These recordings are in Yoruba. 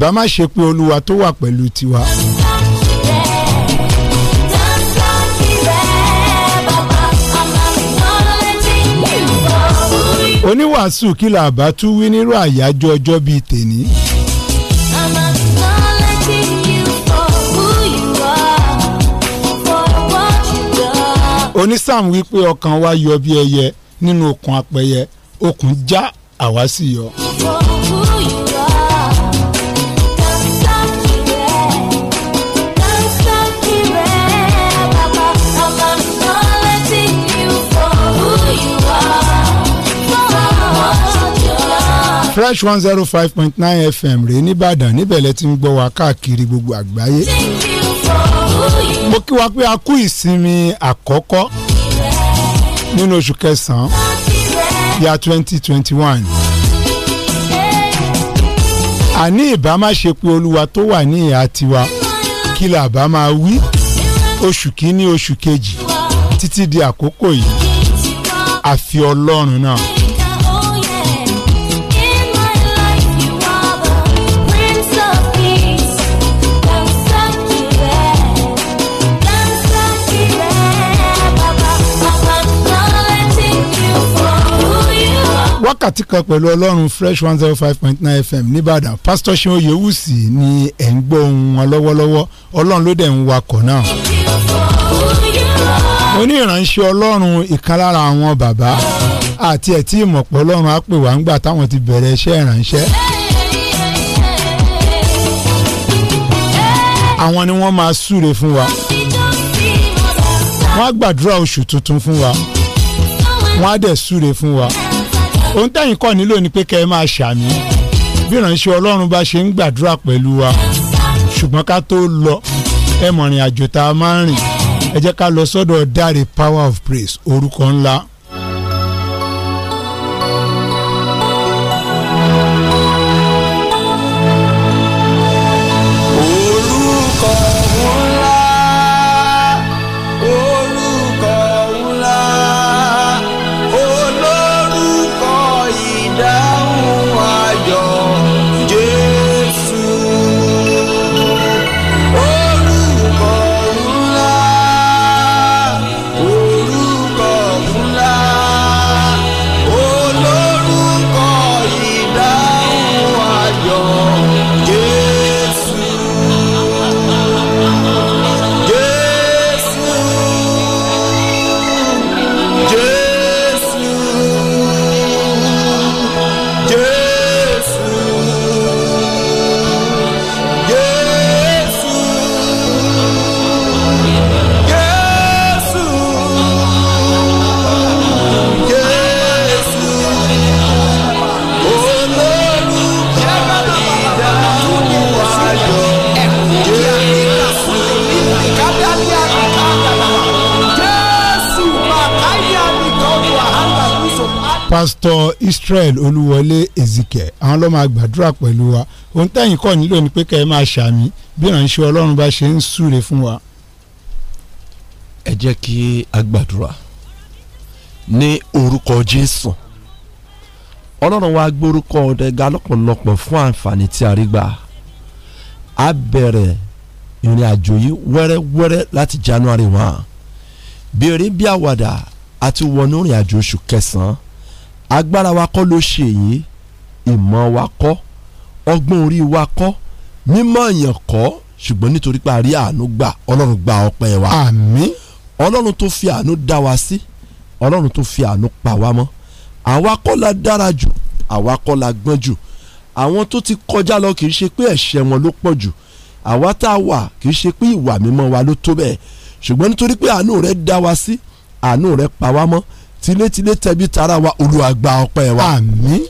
ìbá má ṣe pé olúwa tó wà pẹ̀lú tiwa. oníwàásù kìlà àbá tún wí nírú àyájọ́ ọjọ́ bíi tèní. onísàm wípé ọkàn wa yọ bí ẹyẹ nínú okùn apẹyẹ okùn já àwa sì yọ. fresh one zero oh five point nine fm rèé nìbàdàn níbẹ̀ lẹ ti ń gbọ́ wa káàkiri gbogbo àgbáyé. mo kí wa pé a kú ìsinmi àkọ́kọ́ nínú oṣù kẹsàn-án ya twenty twenty one. àní ìbá má olúwa tó wà ní ìhà tiwa kí la bá máa wí oṣù kínní oṣù kejì títí di àkókò yìí àfi ọlọ́run náà. wákàtí kan pẹ̀lú ọlọ́run fresh one zero five point nine fm nìbàdàn pásítọ̀ ṣeun oyèwùsì ni ẹ̀ ń gbọ́ ohùn wọn lọ́wọ́lọ́wọ́ ọlọ́run ló dẹ̀ ń wakọ̀ náà. mo ní ìránṣẹ́ ọlọ́run ìkan lára àwọn bàbá àti ẹ̀ tí ìmọ̀pọ̀ ọlọ́run á pè wá ńgbà táwọn ti bẹ̀rẹ̀ iṣẹ́ ìránṣẹ́. àwọn ni wọ́n máa súre fún wa wọ́n á gbàdúrà oṣù tuntun fún wa wọ́n á dẹ̀ súre fún wa ohun tẹ́yìn kọ́ nílò ni pé kẹ́ ẹ máa ṣàmì bí ìránṣẹ́ ọlọ́run bá ṣe ń gbàdúrà pẹ̀lú wa ṣùgbọ́n ká tó lọ ẹ mọ̀rìn àjò tá a máa ń rìn ẹ jẹ́ ká lọ sọ́dọ̀ dáre power of praise orúkọ ńlá pásítọ̀ Israel Olúwọlé Ezike àwọn ló máa gbàdúrà pẹ̀lú wa ohun tẹ̀yìn kọ́ nílò ni pé kẹ́ ẹ máa ṣàmì bí ìrànṣẹ́ Ọlọ́run bá ṣe ń súre fún wa. ẹ jẹ́ kí a gbàdúrà ní orúkọ Jésù Ọlọ́run wa gbórúkọ ọ̀dẹ̀gà lọ́pọ̀lọpọ̀ fún àǹfààní tí a rí gbà á bẹ̀rẹ̀ ìrìn àjò yìí wẹ́rẹ́wẹ́rẹ́ láti January one bí eré bí àwàdà àti wọnú ìrìn àjò oṣù kẹsàn-án agbára wa kọ́ ló ṣe èyí ìmọ̀ wa kọ́ ọgbọ́n orí wa kọ́ mímọ̀ èèyàn kọ́ ṣùgbọ́n nítorí pé a rí àánú gbà ọlọ́run gba ọpẹ́ wa. àmín. ọlọ́run tó fi àánú dá wa sí ọlọ́run tó fi àánú pa wa mọ́ àwa kọ́ la dára jù àwa kọ́ la gbọ́n jù àwọn tó ti kọjá lọ kì í ṣe pé ẹ̀ṣẹ̀ wọn ló pọ̀ jù àwa tá a wà kì í ṣe pé ìwà mímọ́ wa ló tó bẹ́ẹ̀ ṣùgbọ́n nítorí pé àánú rẹ̀ dá wa sí àánú rẹ̀ pa wa mọ́ tilétilé tẹbi tara wa olúwa gba ọpẹ́ wa àmín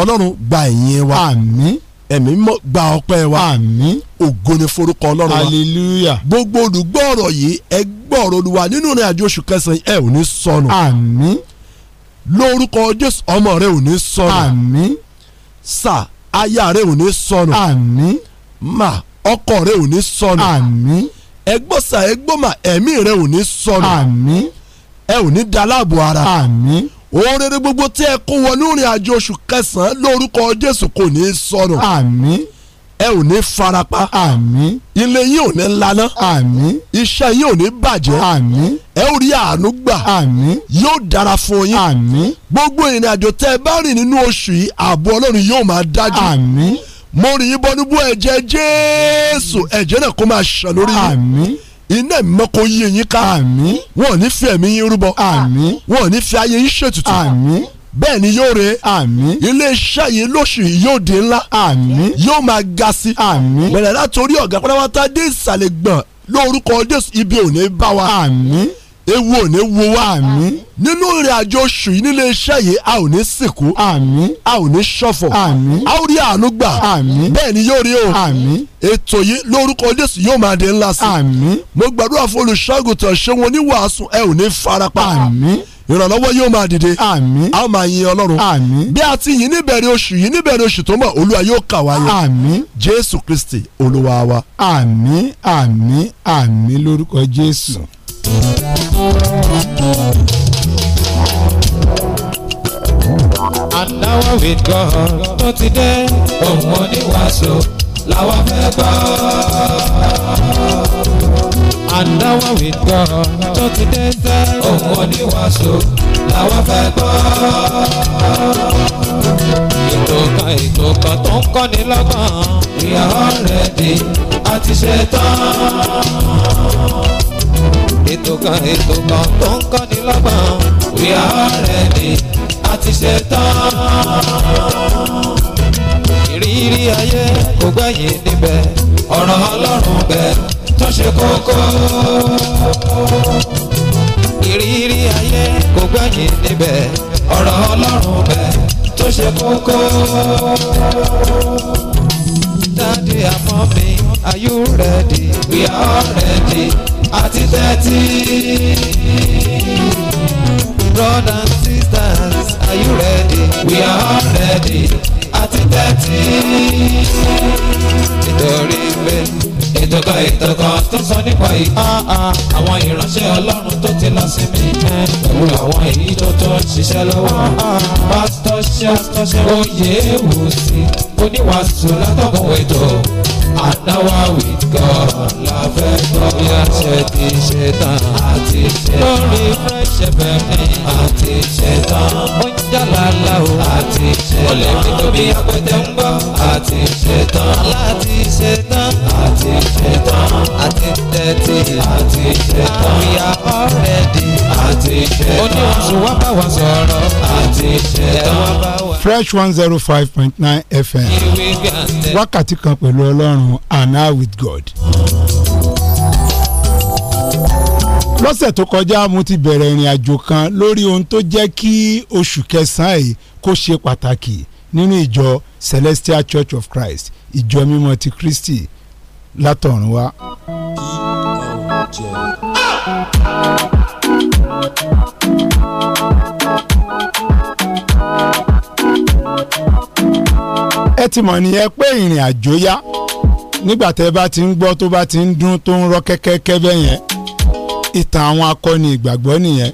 ọlọ́run gba ìyìn wa àmín ẹ̀mí mọ́ gba ọpẹ́ wa àmín ògo ni forúkọ ọlọ́run wa hallelujah gbogbo olùgbọ́ ọ̀rọ̀ yìí ẹ gbọ́ ọ̀rọ̀ olúwa nínú ìrìn àjò oṣù kẹsàn-án ẹ ò ní sọnù àmín lórúkọ jésù ọmọ rẹ ò ní sọnù àmín sà aya rẹ ò ní sọnù àmín mà ọkọ rẹ ò ní sọnù àmín ẹgbọ́sà ẹgbọ́mà ẹ̀mí rẹ ò ní sọnù àmín ẹ ò ní da láàbò ara. àmín. ohun rere gbogbo tí ẹ kó wọnú ìrìn àjò oṣù kẹsàn-án lórúkọ jésù kò ní í sọnù. àmín. ẹ ò ní farapa. àmín. ilé yín ò ní laná. àmín. iṣẹ́ yín ò ní bàjẹ́. àmín. ẹ ò rí àánú gbà. àmín. yóò dára fún yín. àmín. gbogbo ìrìn àjò tẹ ẹ bá rìn nínú oṣù yìí ààbò ọlọ́run yóò máa dájú. àmín. mo rìn yín bọ́nú bú ẹ̀jẹ̀ jésù ẹ̀jẹ̀ náà kó máa ṣàn lórí yín. àmín iná ìmọ̀kọ yí eyín ká àmín wọn ò ní fi ẹ̀mí yín rúbọ àmín wọn ò ní fi ayé yín ṣètùtù àmín bẹ́ẹ̀ ni yóò re àmín iléeṣẹ́ yìí lóṣù yìí yóò di ńlá àmín yóò máa ga sí àmín bẹ̀rẹ̀ látòrí ọ̀gá pátápátá dé ìsàlẹ̀ gbọ̀n lórúkọ Jésù ibi ò bá wa àmín ewu ò ní wo wá àmín nínú ìrìn àjò oṣù yìí nílé iṣẹ́ yìí a ò ní sìnkú àmín a ò ní ṣọ̀fọ̀ àmín a ò rí àánú gbà àmín bẹ́ẹ̀ ni yóò rí o àmín ètò yìí lórúkọ Jésù yóò máa di ńlá sí àmín mo gbàdúrà fún olùṣọ́àgùtàn ṣé wọn oníwàásù ẹ ò ní farapa àmín ìrànlọ́wọ́ yóò máa dìde àmín a máa yin ọlọ́run àmín bí a ti yin níbẹ̀rẹ̀ oṣù yìí níbẹ̀rẹ̀ oṣù tó ń bọ̀ olúwa yóò kà wá yọ àmín jésù kristi olúwa wa. àmín àmín àmín lórúkọ jésù. And now with God tó ti dé òun oníwàásù làwa fẹ́ gbọ́. And now with God tó ti dé sẹ́ òun oníwàásù làwa fẹ́ gbọ́. Ètò kan ètò kan tó ń kọ́ni lọ́gbọ̀n. We are already àti ṣetán ètò kan ètò kan tó ń kọ́ni lọ́gbọ̀n we are ready a ti ṣe tán. ìrírí ayé kò gbẹ̀yìn níbẹ̀ ọ̀rọ̀ ọlọ́run bẹ̀ tó ṣe kókó. ìrírí ayé kò gbẹ̀yìn níbẹ̀ ọ̀rọ̀ ọlọ́run bẹ̀ tó ṣe kókó. Daddy and mommy, are you ready? We are ready. At 30. Brothers and sisters, are you ready? We are ready. àti tẹ́tí. nítorí pé ìtọ́kọ ìtọ́kọ tó sọ nípa ìhà àwọn ìránṣẹ́ ọlọ́run tó ti lọ sí mi pẹ̀lú àwọn èyí tó tó ń ṣiṣẹ́ lọ́wọ́. pásítọ̀ ṣe àtọ́ṣe oyè wò sí oníwàásù látọ̀kùn ètò àdáwà with la fẹ́ gbọ́ bí a ṣe ti ṣe tán àti ṣe tán lórí fresh fm àti ṣe tán ó ń jàlá la o àti ṣe tán olè mi tóbi apẹtẹ ń gbọ́ àti ṣe tán láti ṣe tán àti ṣe tán àti tẹ́tí àti ṣe tán we are already àti ṣe tán oníwàásù wá bá wa sọ̀rọ̀ àti ṣe tán fresh one zero five point nine fm wákàtí kan pẹ̀lú ọlọ́run. Ọlọ́run and now with God. lọ́sẹ̀ tó kọjá mo ti bẹ̀rẹ̀ ìrìn àjò kan lórí ohun tó jẹ́ kí oṣù kẹsàn-án yìí kó ṣe pàtàkì nínú ìjọ Celestial Church of Christ ìjọ mímọ́ ti Kristi látọ̀run wá. ẹ ti mọ̀ nìyẹn pé ìrìn àjò yá nígbà tẹ́ bá ti ń gbọ́ tó bá ti ń dún tó ń rọ́ kẹ́kẹ́kẹ́ bẹ́ẹ̀ yẹn ìtàn àwọn akọni ìgbàgbọ́ nìyẹn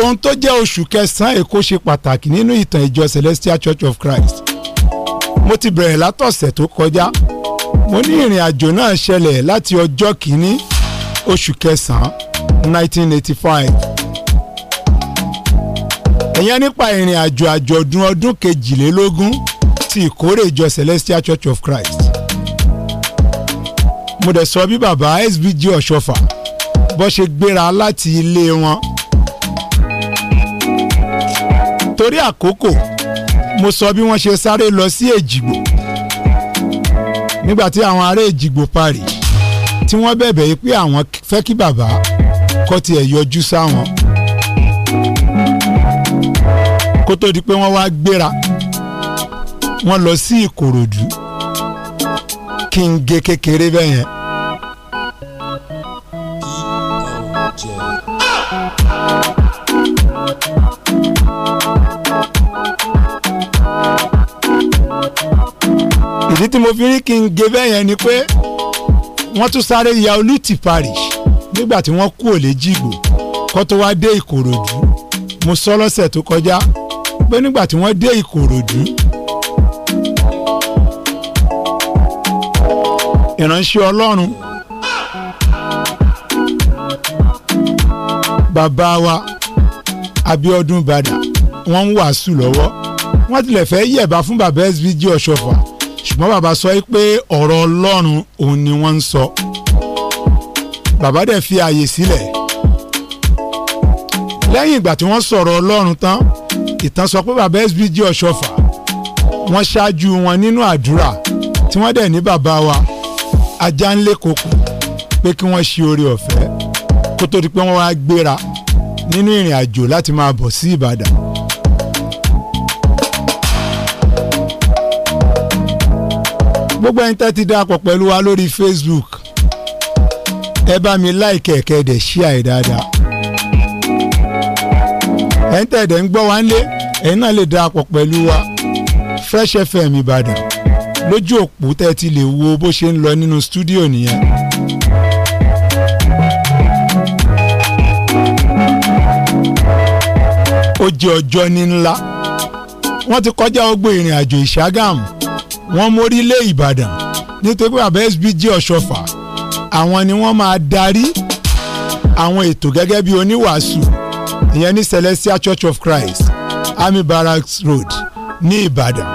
ohun tó jẹ́ oṣù kẹsàn-án èkó ṣe pàtàkì nínú ìtàn ìjọ Celestial Church of Christ mo ti bẹ̀rẹ̀ látọ̀sẹ̀ tó kọjá mo ní ìrìn àjò náà ṣẹlẹ̀ láti ọjọ́ kìíní oṣù kẹsàn-án 1985 ẹ̀yẹn nípa ìrìn àjò àjọ̀dún ọdún kejìlélógún ti ìkórè ìjọ Celestial Church of Christ mo dẹ̀ sọ bí bàbá SBG ọ̀ṣọ́fà bó ṣe gbéra láti ilé wọn. torí àkókò mo sọ bí wọ́n ṣe sáré lọ sí èjìgbò nígbà tí àwọn ará èjìgbò parí tí wọ́n bẹ̀bẹ̀ yìí pé àwọn fẹ́ kí bàbá kó tiẹ̀ yọjú sáwọn kó tó di pé wọ́n wá gbéra wọ́n lọ sí Ìkòròdú kí n gé kékeré bẹ́ẹ̀ yẹn jẹ. ìdí tí mo fi rí kí n gé bẹ́ẹ̀ yẹn ni pé wọ́n tún sáré ya olùtì parish nígbà tí wọ́n kú òlé jìgbò kó tó wá dé ìkòròdú mo sọ lọ́sẹ̀ tó kọjá pé nígbà tí wọ́n dé ìkòròdú ìránṣẹ́ ọlọ́run bàbá wa Abíọ́dún Bàdà wọ́n ń wàásù lọ́wọ́ wọ́n tilẹ̀ fẹ́ yẹ̀bá fún bàbá SBG Ọ̀ṣọ́fà ṣùgbọ́n bàbá sọ pé ọ̀rọ̀ Ọlọ́run òun ni wọ́n ń sọ bàbá dẹ̀ fi ààyè sílẹ̀ lẹ́yìn ìgbà tí wọ́n sọ̀rọ̀ Ọlọ́run tán ìtàn sọ pé bàbá SBG Ọ̀ṣọ́fà wọ́n ṣáájú wọn nínú àdúrà tí wọ́n dẹ̀ ní bàbá wa ajá ń koko pé kí wọ́n ṣe oore ọ̀fẹ́ kó tó di pé wọ́n wá gbéra nínú ìrìn àjò láti máa bọ̀ sí Ìbàdàn. gbogbo ẹni tẹ́ ti darapọ̀ pẹ̀lú wa lórí Facebook ẹ bá mi like ẹ kẹ́ dẹ̀ share ẹ̀ ń tẹ̀dẹ̀ ń gbọ́ wa ń lé ẹ̀yin náà lè darapọ̀ pẹ̀lú wa Fresh FM Ìbàdàn lójú òpó tẹ́ ti lè wo bó ṣe ń lọ nínú stúdíò nìyẹn. ó jẹ́ ọjọ́ ní ńlá wọ́n ti kọjá gbogbo ìrìn àjò ìṣàgàm wọ́n mórí lé ìbàdàn nítorí pé bàbá SBG ọ̀ṣọ́fà àwọn ni wọ́n máa darí àwọn ètò gẹ́gẹ́ bí oníwàásù ìyẹn ní Celestial Church of Christ Army Barracks Road ní ìbàdàn.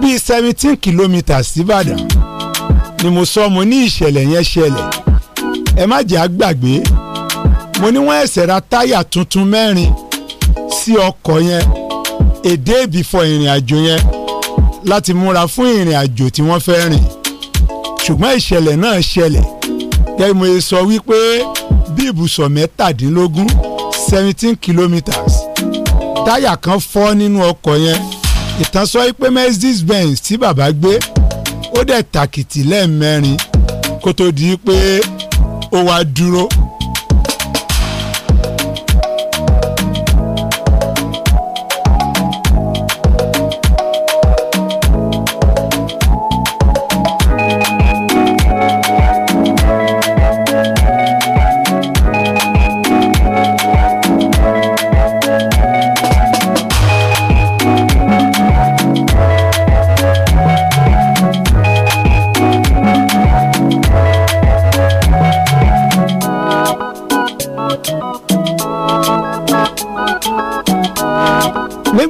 bíi seventeen kilometres síbàdàn ni mo sọ mo ní ìṣẹ̀lẹ̀ yẹn ṣẹlẹ̀ ẹ má jẹ́ àgbàgbé mo ní wọ́n ẹ̀sẹ̀ ra táyà tuntun mẹ́rin sí ọkọ̀ yẹn èdè ìbífọ̀ ìrìn àjò yẹn láti múra fún ìrìn àjò tí wọ́n fẹ́ rìn ṣùgbọ́n ìṣẹ̀lẹ̀ náà ṣẹlẹ̀ gẹ́gẹ́ mo sọ wípé bí ibùsọ̀ mẹ́tàdínlógún seventeen kilometres táyà kan fọ́ nínú ọkọ̀ yẹn ìtàn sọ pé mercedes benz tí bàbá gbé ó dẹ̀ tàkìtì lẹ́ẹ̀mẹ́rin kó tó di pé ó wá dúró.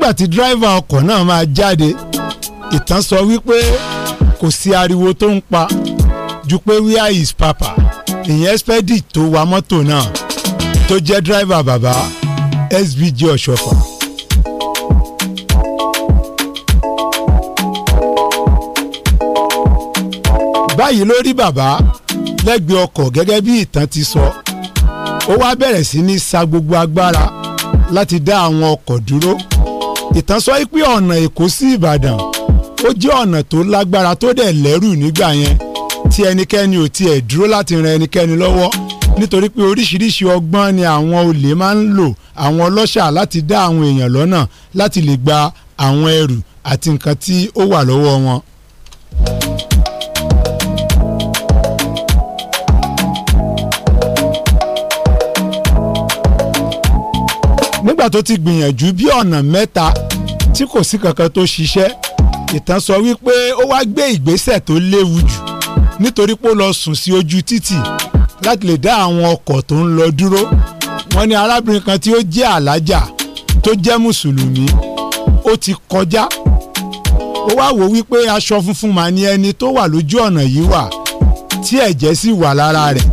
nígbà tí dírẹ́fà ọkọ̀ náà máa jáde ìtàn sọ wípé kò sí ariwo tó ń pa ju pé where is papa ìyẹn spẹ́dì tó wa mọ́tò náà tó jẹ́ dírẹ́fà bàbá SBG ọ̀ṣọ́fà. báyìí ló rí bàbá lẹ́gbẹ̀ẹ́ ọkọ̀ gẹ́gẹ́ bí ìtàn ti sọ ó wá bẹ̀rẹ̀ sí ní sa gbogbo agbára láti dá àwọn ọkọ̀ dúró ìtàn sọ pé ọ̀nà èkó sí ìbàdàn ó jẹ́ ọ̀nà tó lágbára tó dẹ̀ lẹ́rù nígbà yẹn tí ẹnikẹ́ni ò tiẹ̀ dúró láti ran ẹnikẹ́ni lọ́wọ́ nítorí pé oríṣiríṣi ọgbọ́n ni àwọn olè máa ń lò àwọn ọlọ́ṣà láti dá àwọn èèyàn lọ́nà láti lè gba àwọn ẹrù àti nǹkan tí ó wà lọ́wọ́ wọn. nígbà tó ti gbìyànjú bí ọ̀nà mẹ́ta tí kò sí kankan tó ṣiṣẹ́ ìtàn sọ wípé ó wá gbé ìgbésẹ̀ tó léwu jù nítorí pé ó lọ sùn sí ojú títì láti lè dá àwọn ọkọ̀ tó ń lọ dúró wọ́n ní arábìnrin kan tí ó jẹ́ alájà tó jẹ́ mùsùlùmí ó ti kọjá ó wá wò wípé aṣọ funfun mà ní ẹni tó wà lójú ọ̀nà yìí wà tí ẹ̀jẹ̀ sì wà lára rẹ̀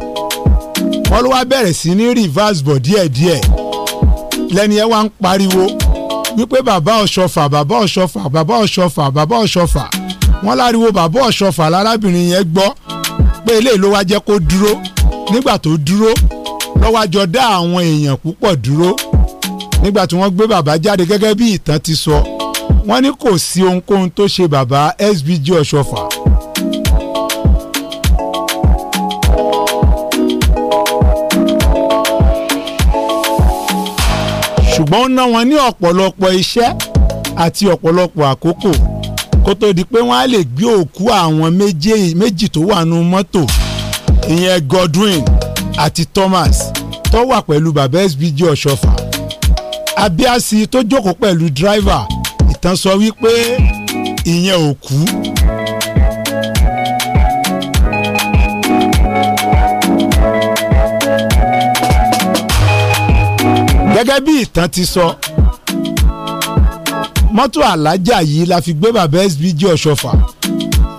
wọ́n ló wá bẹ̀rẹ̀ sí ní reverse bọ̀ díẹ̀díẹ̀ lẹ́ni ẹ wá ń pariwo wípé bàbá ọ̀ṣọ́fà bàbá ọ̀ṣọ́fà bàbá ọ̀ṣọ́fà bàbá ọ̀ṣọ́fà wọ́n láriwo bàbá ọ̀ṣọ́fà lárábìnrin yẹn gbọ́ pé eléyìí ló wá jẹ́ kó dúró nígbà tó dúró lọ́wọ́ àjọ dá àwọn èèyàn púpọ̀ dúró nígbà tí wọ́n gbé bàbá jáde gẹ́gẹ́ bí ìtàn ti sọ wọ́n ní kò sí ohunkóhun tó ṣe bàbá SBG ọ̀ṣọ́fà ṣùgbọ́n ó ná wọn ní ọ̀pọ̀lọpọ̀ iṣẹ́ àti ọ̀pọ̀lọpọ̀ àkókò kó tó di pé wọ́n á lè gbé òkú àwọn méjì tó wà nù mọ́tò ìyẹn Godwin àti Thomas tó wà pẹ̀lú bàbá SBG ọ̀ṣọ́fà Abiasi tó jókòó pẹ̀lú dráìvà ìtàn sọ wípé ìyẹn òkú gẹ́gẹ́ bí ìtàn ti sọ mọ́tò alájà yìí la fi gbé bàbá SBG ọ̀ṣọ́fà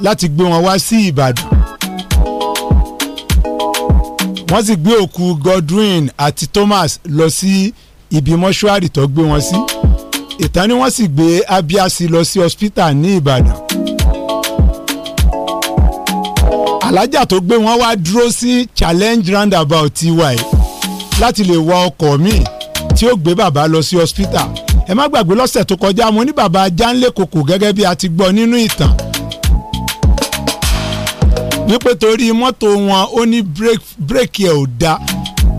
láti gbé wọn wá sí Ìbàdàn wọ́n sì gbé òkú Godwin àti Thomas lọ sí ibi mọ́ṣúárì tó gbé wọn sí ìtàn ni wọ́n sì gbé Abiasi lọ sí hospital ní Ìbàdàn alájà tó gbé wọn wá dúró sí challenge roundabout tiwa yìí láti lè wa ọkọ̀ míì tí ó gbé bàbá lọ sí hospital ẹ má gbàgbé lọ́sẹ̀ tó kọjá mo ní bàbá Jánlé Kòkò gẹ́gẹ́ bí a ti gbọ́ nínú ìtàn wípé torí mọ́tò wọn ó ní bírèkì ẹ̀ ò da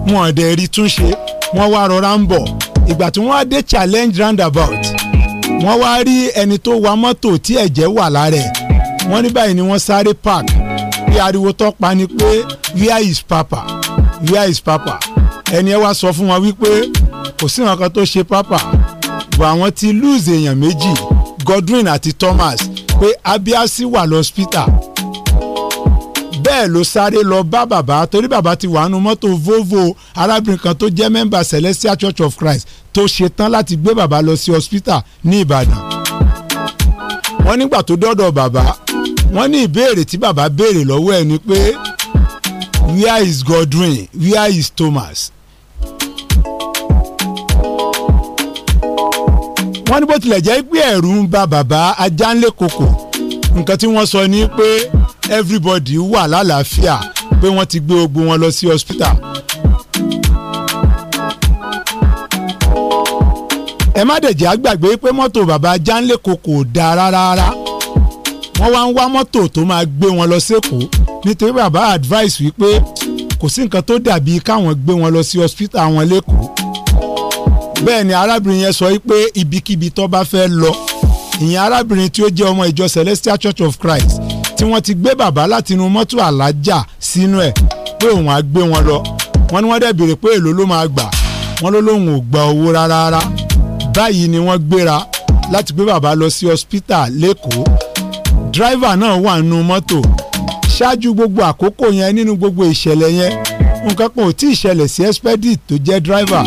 wọn ò dẹ̀ rí túnṣe wọ́n wá rọra ń bọ̀ ìgbà tí wọ́n á dé challenge roundabout wọ́n wá rí ẹni tó wa mọ́tò tí ẹ̀jẹ̀ wà lára ẹ̀ wọ́n ní báyìí ni wọ́n sáré park bí ariwo tó pa ni pé where is papa where is papa ẹni ẹ wá sọ fún wọn wípé kò sí nǹkan tó ṣe pápá bọ̀ àwọn ti lose èèyàn méjì Godwin àti Thomas pé Abiasi wà lọ́spítà bẹ́ẹ̀ ló sáré lọ bá bàbá torí bàbá ti wà nù mọ́tò Volvo arábìnrin kan tó jẹ́ mẹ́mbà Celestial Church of Christ tó ṣetán láti gbé bàbá lọ sí hospital ní Ìbàdàn wọ́n nígbà tó dọ́dọ̀ bàbá wọ́n ní ìbéèrè tí bàbá béèrè lọ́wọ́ ẹ̀ ni pé where is Godwin where is Thomas wọ́n ní bó tilẹ̀ jẹ́ pé ẹ̀rù ń ba bàbá ajánlé kòkò nǹkan tí wọ́n sọ ni pé everybody wà lálàáfíà pé wọ́n ti gbé gbogbo wọn lọ sí hospital. ẹ má dẹ̀jẹ̀ àgbàgbé pé mọ́tò bàbá ajánlé kòkò dáa rárá rárá wọ́n wá ń wá mọ́tò tó máa gbé wọn lọ sékòó nítorí bàbá advice wípé kò sí nǹkan tó dàbí káwọn gbé wọn lọ sí hospital wọn lẹ́kọ̀ọ́ bẹ́ẹ̀ ni arábìnrin yẹn sọ pé ibikíbi tó bá fẹ́ lọ ìyẹn arábìnrin tí ó jẹ́ ọmọ ìjọ Celestial Church of Christ tí wọ́n ti gbé bàbá látinú mọ́tò alájà sínú ẹ̀ pé òun á gbé wọn lọ wọ́n ní wọ́n dẹ̀ béèrè pé èló ló máa gbà wọ́n ló lóun ò gba owó rárá rárá báyìí ni wọ́n gbéra láti gbé bàbá lọ sí hospital lẹ́kọ̀ọ́ dírìvà náà wà nínú mọ́tò ṣáájú gbogbo àkókò yẹn nínú nǹkan kan ò tí ì ṣẹlẹ̀ sí expedit tó jẹ́ driver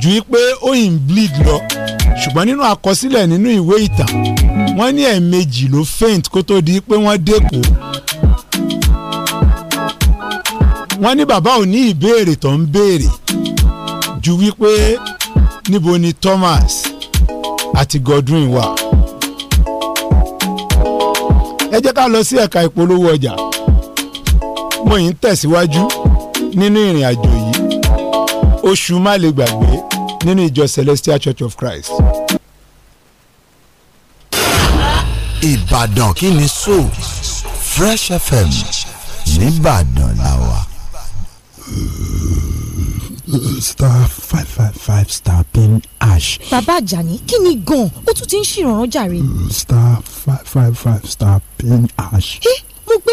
ju wípé ó ń bleed lọ ṣùgbọ́n nínú àkọsílẹ̀ nínú ìwé ìtàn wọ́n ní ẹ̀ẹ̀mejì ló faint kó tó di pé wọ́n dẹ́kọ̀ọ́ wọ́n ní bàbá ò ní ìbéèrè tó ń béèrè ju wípé níbo ni Thomas àti Godwin wà ẹ jẹ́ ká lọ sí ẹ̀ka ìpolówó ọjà mo yìí ń tẹ̀síwájú nínú ìrìn àjò yìí oṣù má lè gbàgbé nínú ìjọ Celestial Church of Christ. Ìbàdàn kí ni so Fresh FM nìbàdàn la wà. star five five five star pin ash. bàbá àjàní kí ni gan-an ó tún ti ń ṣèrànràn jàre. star five five five star pin ash. ẹ eh, mo gbé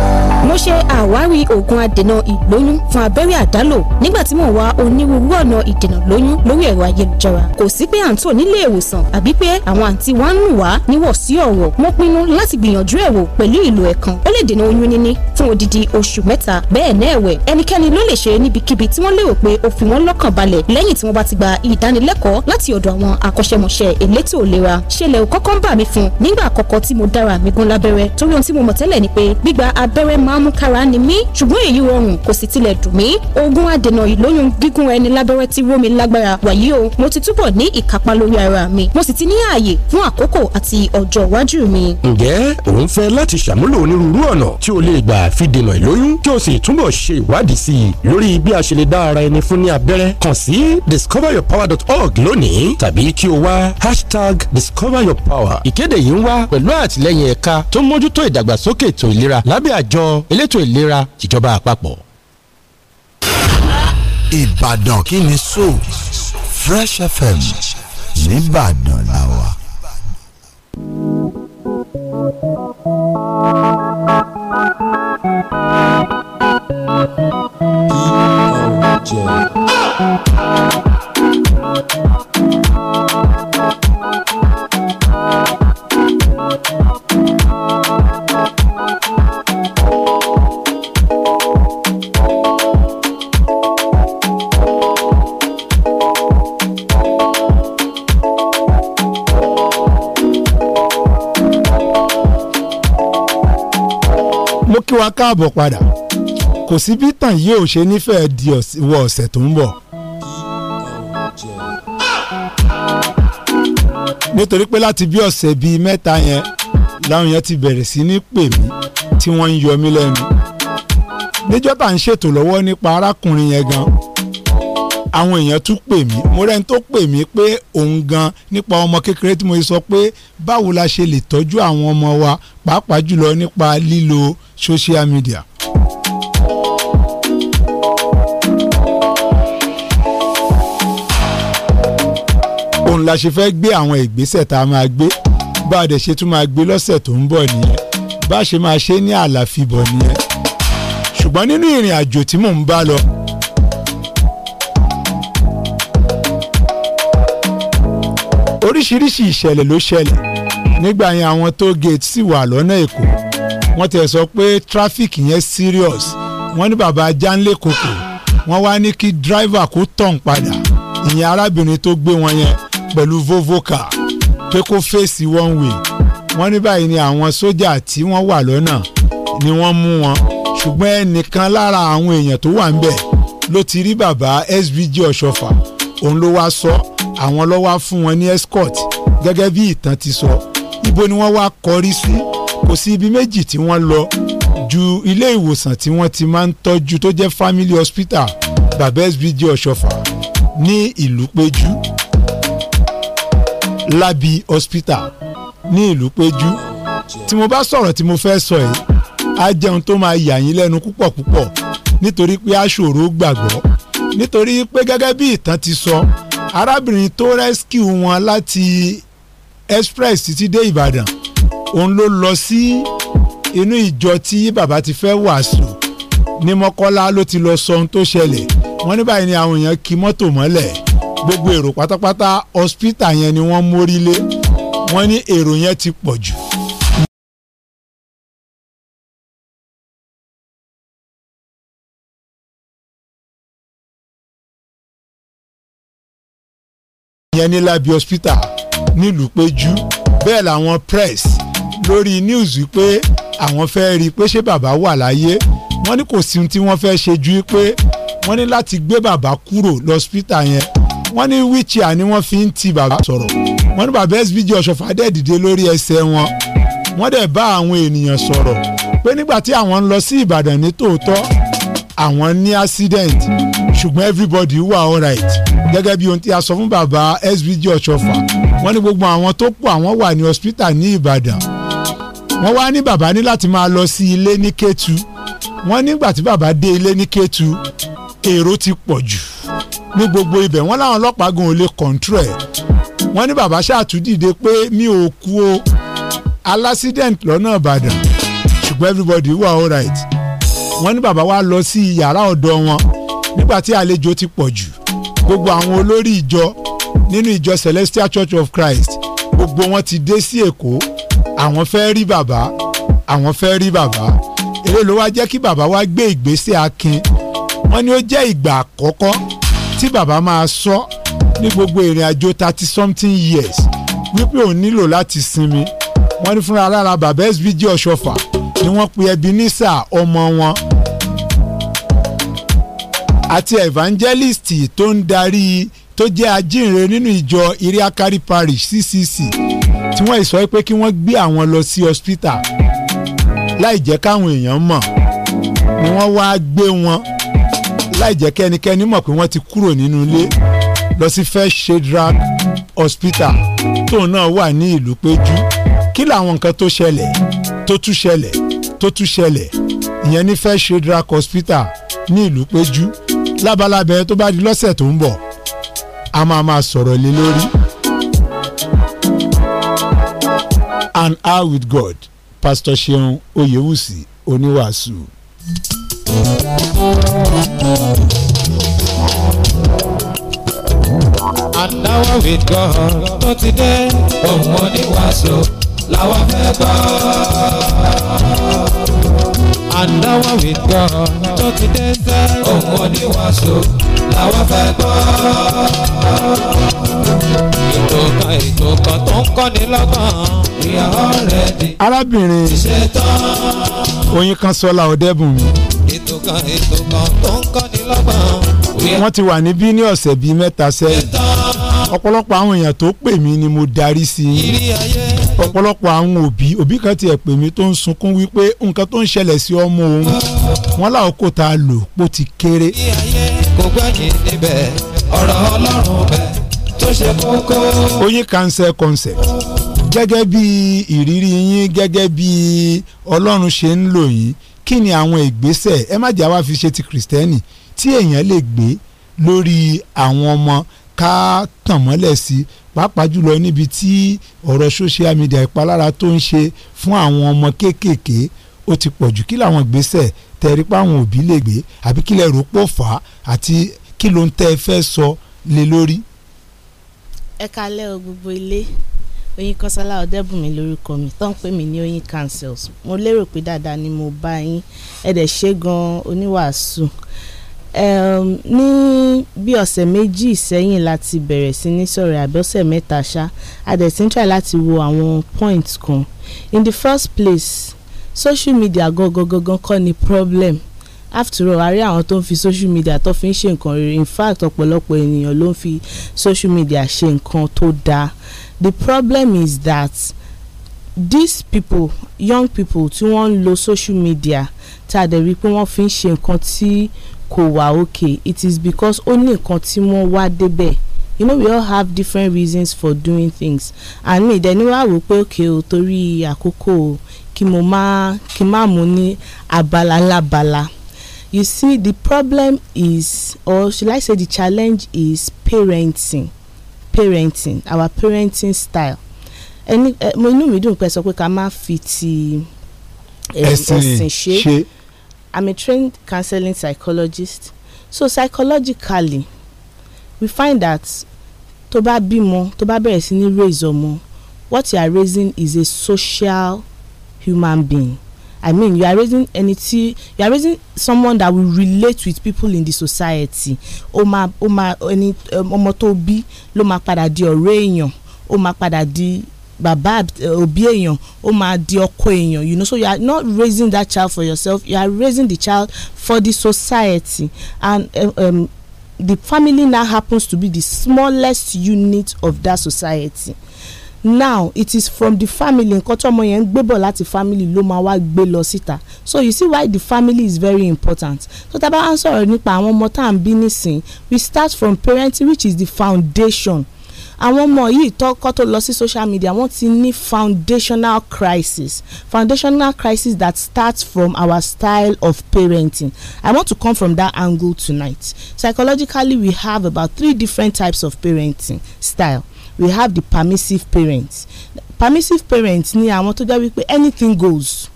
oh. mo ṣe àwárí oògùn adènà ìlóyún fún abẹ́rẹ́ àdálò nígbà tí mò wá onírúurú ọ̀nà ìdènà lóyún lórí ẹ̀rọ ayélujára kò sí pé à ń tò nílé ìwòsàn àbí pé àwọn àǹtí wa ń nù wá níwọ̀ sí ọ̀rọ̀ mo pinnu láti gbìyànjú ẹ̀ wò pẹ̀lú ìlò ẹ̀kan ó lè dènà oyún níní fún odidi oṣù mẹ́ta bẹ́ẹ̀ náà ẹ̀wẹ̀ ẹnikẹ́ni ló lè ṣe níbikíbi tí wọ́n lérò pé ó fi wọ́n lọ́kàn balẹ̀ lẹ́yìn tí wọ́n bá ti gba ìdánilẹ́kọ̀ọ́ láti ọ̀dọ̀ àwọn akọ́ṣẹ́mọṣẹ́ elétò ìlera ṣẹlẹ̀ ò kọ́kọ́ ń bà mí fún nígbà àkọ́kọ́ tí mo dára mi gún lábẹ́rẹ́ torí ohun tí mo mọ̀ tẹ́lẹ̀ ni pé gbígba abẹ́rẹ́ m máa ń mú kára ni mí ṣùgbọ́n èyí rọrùn kò sì tilẹ̀ dùn mí oògùn adènà ìlóyún gígùn ẹni lábẹ́rẹ́ tí wó mi lágbára wàyí o mo ti túbọ̀ ní ìkápá lórí ara mi mo sì ti ní ààyè fún àkókò àti ọjọ́ iwájú mi. ǹjẹ́ òun fẹ́ láti ṣàmúlò onírúurú ọ̀nà tí o lè gbà fi dènà ìlóyún kí o sì túbọ̀ ṣe ìwádìí sí i lórí bí a ṣe lè dá ara ẹni fún ní abẹ́rẹ́ kàn sí discoveryourpower.org lónìí tàbí kí o wá hashtag discoveryourpower ìkéde yìí ń wá pẹ̀lú àtìlẹ́yìn ẹ̀ka tó mójútó ìdàgbàsókè ètò ìlera lábẹ́ àjọ elétò ìlera tìjọba àpapọ̀. Ìbàdàn kí ni so Fresh FM nìbàdàn la wà. DOJ. káàbọ̀ padà kò sí bí tàn yóò ṣe nífẹ̀ẹ́ di wọ ọ̀sẹ̀ tó ń bọ̀. nítorí pé láti bí ọ̀sẹ̀ bíi mẹ́ta yẹn làwọn yẹn ti bẹ̀rẹ̀ sí ní pè mí tí wọ́n ń yọ mí lẹ́nu. níjọ́ tá à ń ṣètò lọ́wọ́ nípa arákùnrin yẹn gan-an àwọn èèyàn tún pè mí mo rẹ́ni tó pè mí pé òun gan nípa ọmọ kékeré tí mo sọ pé báwo la ṣe lè tọ́jú àwọn ọmọ wa pàápàá jùlọ nípa lílo social media. òun la ṣe fẹ́ gbé àwọn ìgbésẹ̀ tá a máa gbé bá a dẹ̀ ṣe tún máa gbé lọ́sẹ̀ tó ń bọ̀ nìyẹn bá a ṣe máa ṣe ní àlàfíbọ̀ nìyẹn ṣùgbọ́n nínú ìrìn àjò tí mò ń bá lọ oríṣiríṣi ìṣẹ̀lẹ̀ ló ṣẹlẹ̀ nígbà yẹn àwọn toll gate sì wà lọ́nà èkó wọ́n tẹ̀ sọ pé traffic yẹn serious wọ́n ní bàbá Jánlé Kòkò wọ́n wá ní kí driver kó tàn padà ìyẹn arábìnrin tó gbé wọn yẹn pẹ̀lú volvo car pé kó fèsì one way wọ́n ní báyìí ni àwọn sójà tí wọ́n wà lọ́nà ni wọ́n mú wọn ṣùgbọ́n ẹnìkan lára àwọn èèyàn tó wà ń bẹ̀ ló ti rí bàbá SBG Ọ̀ṣọ́fà òun ló wá sọ so, àwọn ló fún wọn ní escort gẹ́gẹ́ bí ìtàn ti sọ ibo ni wọ́n wá kọrí sí kò sí ibi méjì tí wọ́n lọ ju ilé ìwòsàn tí wọ́n ti máa ń tọ́jú tó jẹ́ family hospital babes bg ọ̀ṣọ́fà ní ìlú péjú labi hospital ní ìlú péjú tí mo bá sọ̀rọ̀ tí mo fẹ́ sọ yìí á jẹun tó máa yà yín lẹ́nu púpọ̀ púpọ̀ nítorí pé a gbàgbọ́ nítorí pé gẹ́gẹ́ bí ìtàn ti sọ arábìnrin tó rescue wọn láti express títí dé ìbàdàn òun ló lọ sí inú ìjọ tí bàbá ti fẹ́ wàásù ní mọ́kọ́lá ló ti lọ sọ ohun tó ṣẹlẹ̀ wọ́n ní báyìí ni àwọn èèyàn kì mọ́tò mọ́lẹ̀ gbogbo èrò pátápátá hospital yẹn ni wọ́n mórí lé wọ́n ní èrò yẹn ti pọ̀ jù yẹn ní labi hospital nílùú péjú bẹ́ẹ̀ làwọn press lórí news wípé àwọn fẹ́ rí i pé ṣé bàbá wà láyé wọ́n ní kò sí ohun tí wọ́n fẹ́ ṣe ju pé wọ́n ní láti gbé bàbá kúrò lọ́sítà yẹn wọ́n ní wíìchìá ni wọ́n fi ń ti bàbá sọ̀rọ̀ wọ́n ní bàbá SBJ ọ̀ṣọ́fà dẹ̀ dìde lórí ẹsẹ̀ wọn wọ́n dẹ̀ bá àwọn ènìyàn sọ̀rọ̀ pé nígbà tí àwọn ń lọ sí Ìbàdàn ní tòótọ́ àwọn ní accident ṣùgbọ́n everybody wà alright gẹ́gẹ́ bí ohun tí a sọ fún bàbá SBG ọ̀ṣọ́fà wọ́n ní gbogbo àwọn tó pọ̀ àwọn wà ní hospital ní Ìbàdàn wọ́n wá ní bàbá ní láti máa lọ sí ilé ní Kétu wọ́n nígbà tí bàbá dé ilé ní Kétu èrò ti pọ̀ jù ní gbogbo ibẹ̀ wọ́n láwọn ọlọ́pàá gan ò lè wọ́n ní bàbá ṣàtúndìde pé mi ò kú o alásídẹ̀ǹtì lọ́nà Ìbàdàn ṣùgbọ́n everybody wà alright wọ́n ní bàbá wa lọ sí yàrá ọ̀dọ̀ wọn nígbà tí àlejò ti pọ̀ jù gbogbo àwọn olórí ìjọ nínú ìjọ Celestial Church of Christ gbogbo wọn ti dé sí Èkó àwọn fẹ́ rí bàbá àwọn fẹ́ rí bàbá èyí ló wá jẹ́ kí bàbá wa gbé ìgbésẹ̀ akin wọ́n ní ó jẹ́ ìgbà àkọ́kọ́ tí bàbá máa sọ ní gbogbo ìrìn àjò thirty something years wípé òun nílò láti sinmi wọ́n ní fúnra lára bàbá SBG ọ̀ṣọ́fà ni wọ́n pe Ebenezer ọmọ wọn àti evangelist tó ń darí tó jẹ́ ajínrere nínú ìjọ iriakari parish ccc tí wọ́n sọ pé kí wọ́n gbé àwọn lọ sí hospital láì jẹ́ káwọn èèyàn mọ̀ ni wọ́n wá gbé wọn láì jẹ́ kẹ́nikẹ́ni mọ̀ pé wọ́n ti kúrò nínú ilé lọ sí first shadrach hospital tóun náà wà ní ìlú péjú kí làwọn nǹkan tó ṣẹlẹ̀ tó tún ṣẹlẹ̀ tó tún ṣẹlẹ̀ ìyẹn ní first shadrach hospital ní ìlú péjú lábalábẹ́ tó bá di lọ́sẹ̀ tó ń bọ̀ a máa máa sọ̀rọ̀ lé lórí an hour with God Pastor Seun Oyewusi oníwàásù. an hour with God tó ti dé òun oníwàásù làwọn fẹ́ gbọ́ and now one with God. Tó ti dé sẹ́. Òun oníwàásù làwọn fẹ́ gbọ́. Ètò kan tó ń kọ́ni lọ́gbọ̀n. We are already. Arábìnrin. Ti tán. Oyin kan sọ́la ọ̀dẹ́bùn mi. Ètò kan tó ń kọ́ni lọ́gbọ̀n. Wọ́n ti wà níbí ní ọ̀sẹ̀ bíi mẹ́ta sẹ́yìn. Ọ̀pọ̀lọpọ̀ àwọn èèyàn tó pè mí ni mo darí sí Ìrí ayé ọ̀pọ̀lọpọ̀ àwọn òbí òbí kan tiẹ̀ pè mí tó ń sunkún wípé nǹkan tó ń ṣẹlẹ̀ sí ọmọ òun wọn làwọn kò tá lò pó ti kéré. oyin cancel concept gẹ́gẹ́ bí ìrírí yín gẹ́gẹ́ bí ọlọ́run ṣe ń lò yín kí ni àwọn ìgbésẹ̀ ẹ má jà wá fi ṣe ti kìrìsìtẹ́nì tí èèyàn lè gbé lórí àwọn ọmọ ká tàn mọ́lẹ̀ sí pàápàá jùlọ níbi tí ọ̀rọ̀ social media ìpalára tó ń ṣe fún àwọn ọmọ kéékèèké ó ti pọ̀ jù kí làwọn gbésẹ̀ tẹ̀rí pa àwọn òbí lè gbé àbí kí lè rò pò fà á àti kí ló ń tẹ́ ẹ fẹ́ sọ lé lórí. ẹ kalẹ́ o gbogbo ilé oyin kọ́sálá ọ̀dẹ́bùnmi lórúkọ mi tó ń pè mí ní oyin cancels mo lérò pé dáadáa ni mo bá yín ẹ dẹ̀ ṣe gan oníwàásù um, ní bí ọ̀sẹ̀ méjì sẹ́yìn láti bẹ̀rẹ̀ sí ní sọ̀rọ̀ àbí ọ̀sẹ̀ mẹ́ta ṣá a láti wo àwọn points kan in the first place social media gangan kọ́ ni problem after all a rí àwọn tó ń fi social media tó fi ń ṣe nǹkan rere in fact ọ̀pọ̀lọpọ̀ ènìyàn ló ń fi social media ṣe nǹkan tó dáa the problem is that these people young people tí wọ́n ń lo social media tá a dẹ̀ rí i pé wọ́n fi ń ṣe nǹkan tí kò wà okay it is because ó ní nǹkan tí wọ́n wá débẹ̀ you know we all have different reasons for doing things and me dẹ̀ ni wàá wò pé òkè o torí àkókò kí mo má kí má mú ní abala lábala you see the problem is or should I say the challenge is parenting parenting our parenting style ẹni mo inú mi dùn pé sọ pé ká má fi ti ẹ̀sìn ṣe I'm a trained counseling psychologist. So psychologically, we find that tó bá bímọ tó bá bẹ̀rẹ̀ sí ní raise ọmọ what you are raising is a social human being. I mean you are raising anything you are raising someone that will relate with people in the society. Oma oma ẹni ọmọ tó bí ló ma padà di ọ̀rẹ́ ó ma padà di bàbá eh, òbí èèyàn ó ma di ọkọ èèyàn you know so you are not raising that child for yourself you are raising the child for the society and um, the family now happens to be the smallest unit of that society now it is from the family nǹkan tí ọmọ yẹn ń gbé bọ̀ láti family ló ma wá gbé lọ síta so you see why the family is very important so tá a bá wá ń sọ̀rọ̀ nípa àwọn ọmọ tá à ń bí nísìn we start from parenting which is the foundation àwọn ọmọ yìí tọ́kọ́ tó lọ sí social media wọ́n ti ní foundational crisis foundational crisis that starts from our style of parenting I want to come from that angle tonight psychologically we have about three different types of parenting style we have the permissive parents permissive parents ni àwọn tó jẹ́ wípé anything goes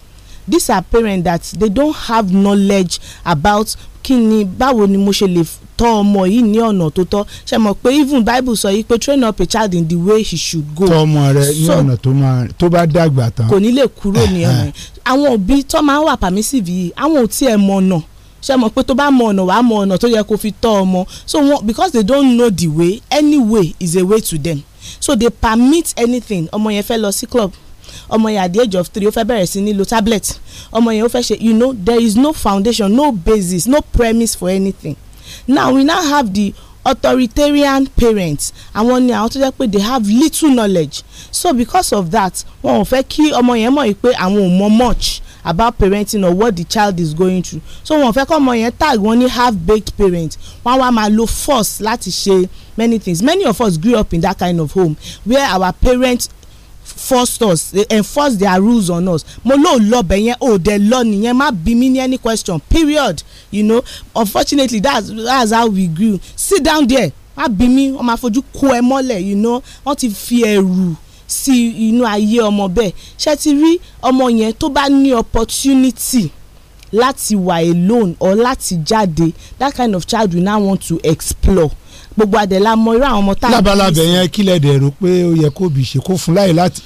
these are parents that they don't have knowledge about kí ni báwo ni mo ṣe lè tọ́ ọmọ yìí ní ọ̀nà tó tọ́ ṣe mọ̀ pé even bible sọ yìí pé train up a child in the way he should go. tọ́ ọmọ rẹ ní ọ̀nà tó máa tó bá dàgbà tán. kò ní lè kúrò ní ọ̀nà àwọn òbí tó máa ń wà permissive yìí àwọn ò tiẹ̀ mọ̀ ọ̀nà ṣe mọ̀ pé tó bá mọ ọ̀nà wàá mọ ọ̀nà tó yẹ kó fi tọ́ ọmọ so wọn because they don't know the way any way is a way to them so they permit anything ọmọ yẹn fẹ́ lọ sí club ọmọ yẹn at the age of three ó fẹ́ bẹ̀rẹ̀ sí ní lo tablet ọmọ yẹn ó fẹ́ ṣe you know there is no foundation no basis no premise for anything now we now have the authoritarian parents àwọn ni àwọn tó jẹ́ pé they have little knowledge so because of that wọn ò fẹ́ kí ọmọ yẹn mọ̀ pé àwọn ò mọ much about parenting or what the child is going through so wọn ò fẹ́ kọ́ ọmọ yẹn tag wọn ní half baked parent wọn wá máa lo force láti ṣe many things many of us grew up in that kind of home where our parents forced us they enforced their rules on us mo lóò lọbẹ yẹn o dẹ lọ nìyẹn má bí mi ní any question period you know unfortunately that's that's how we grew sit down there má bí mi wọn máa fojú kó ẹ mọ́lẹ̀ you know wọ́n ti fi ẹ̀rù sí inú ayé ọmọ bẹ́ẹ̀ ṣé ti rí ọmọ yẹn tó bá ní opportunity láti wà alone or láti jáde that kind of child we now want to explore gbogbo àdẹ̀lá mọ irú àwọn ọmọ tá a. lábalábẹ yẹn kílẹ̀ dẹ̀ rò pé ó yẹ kó bì í ṣe kó fún láyè láti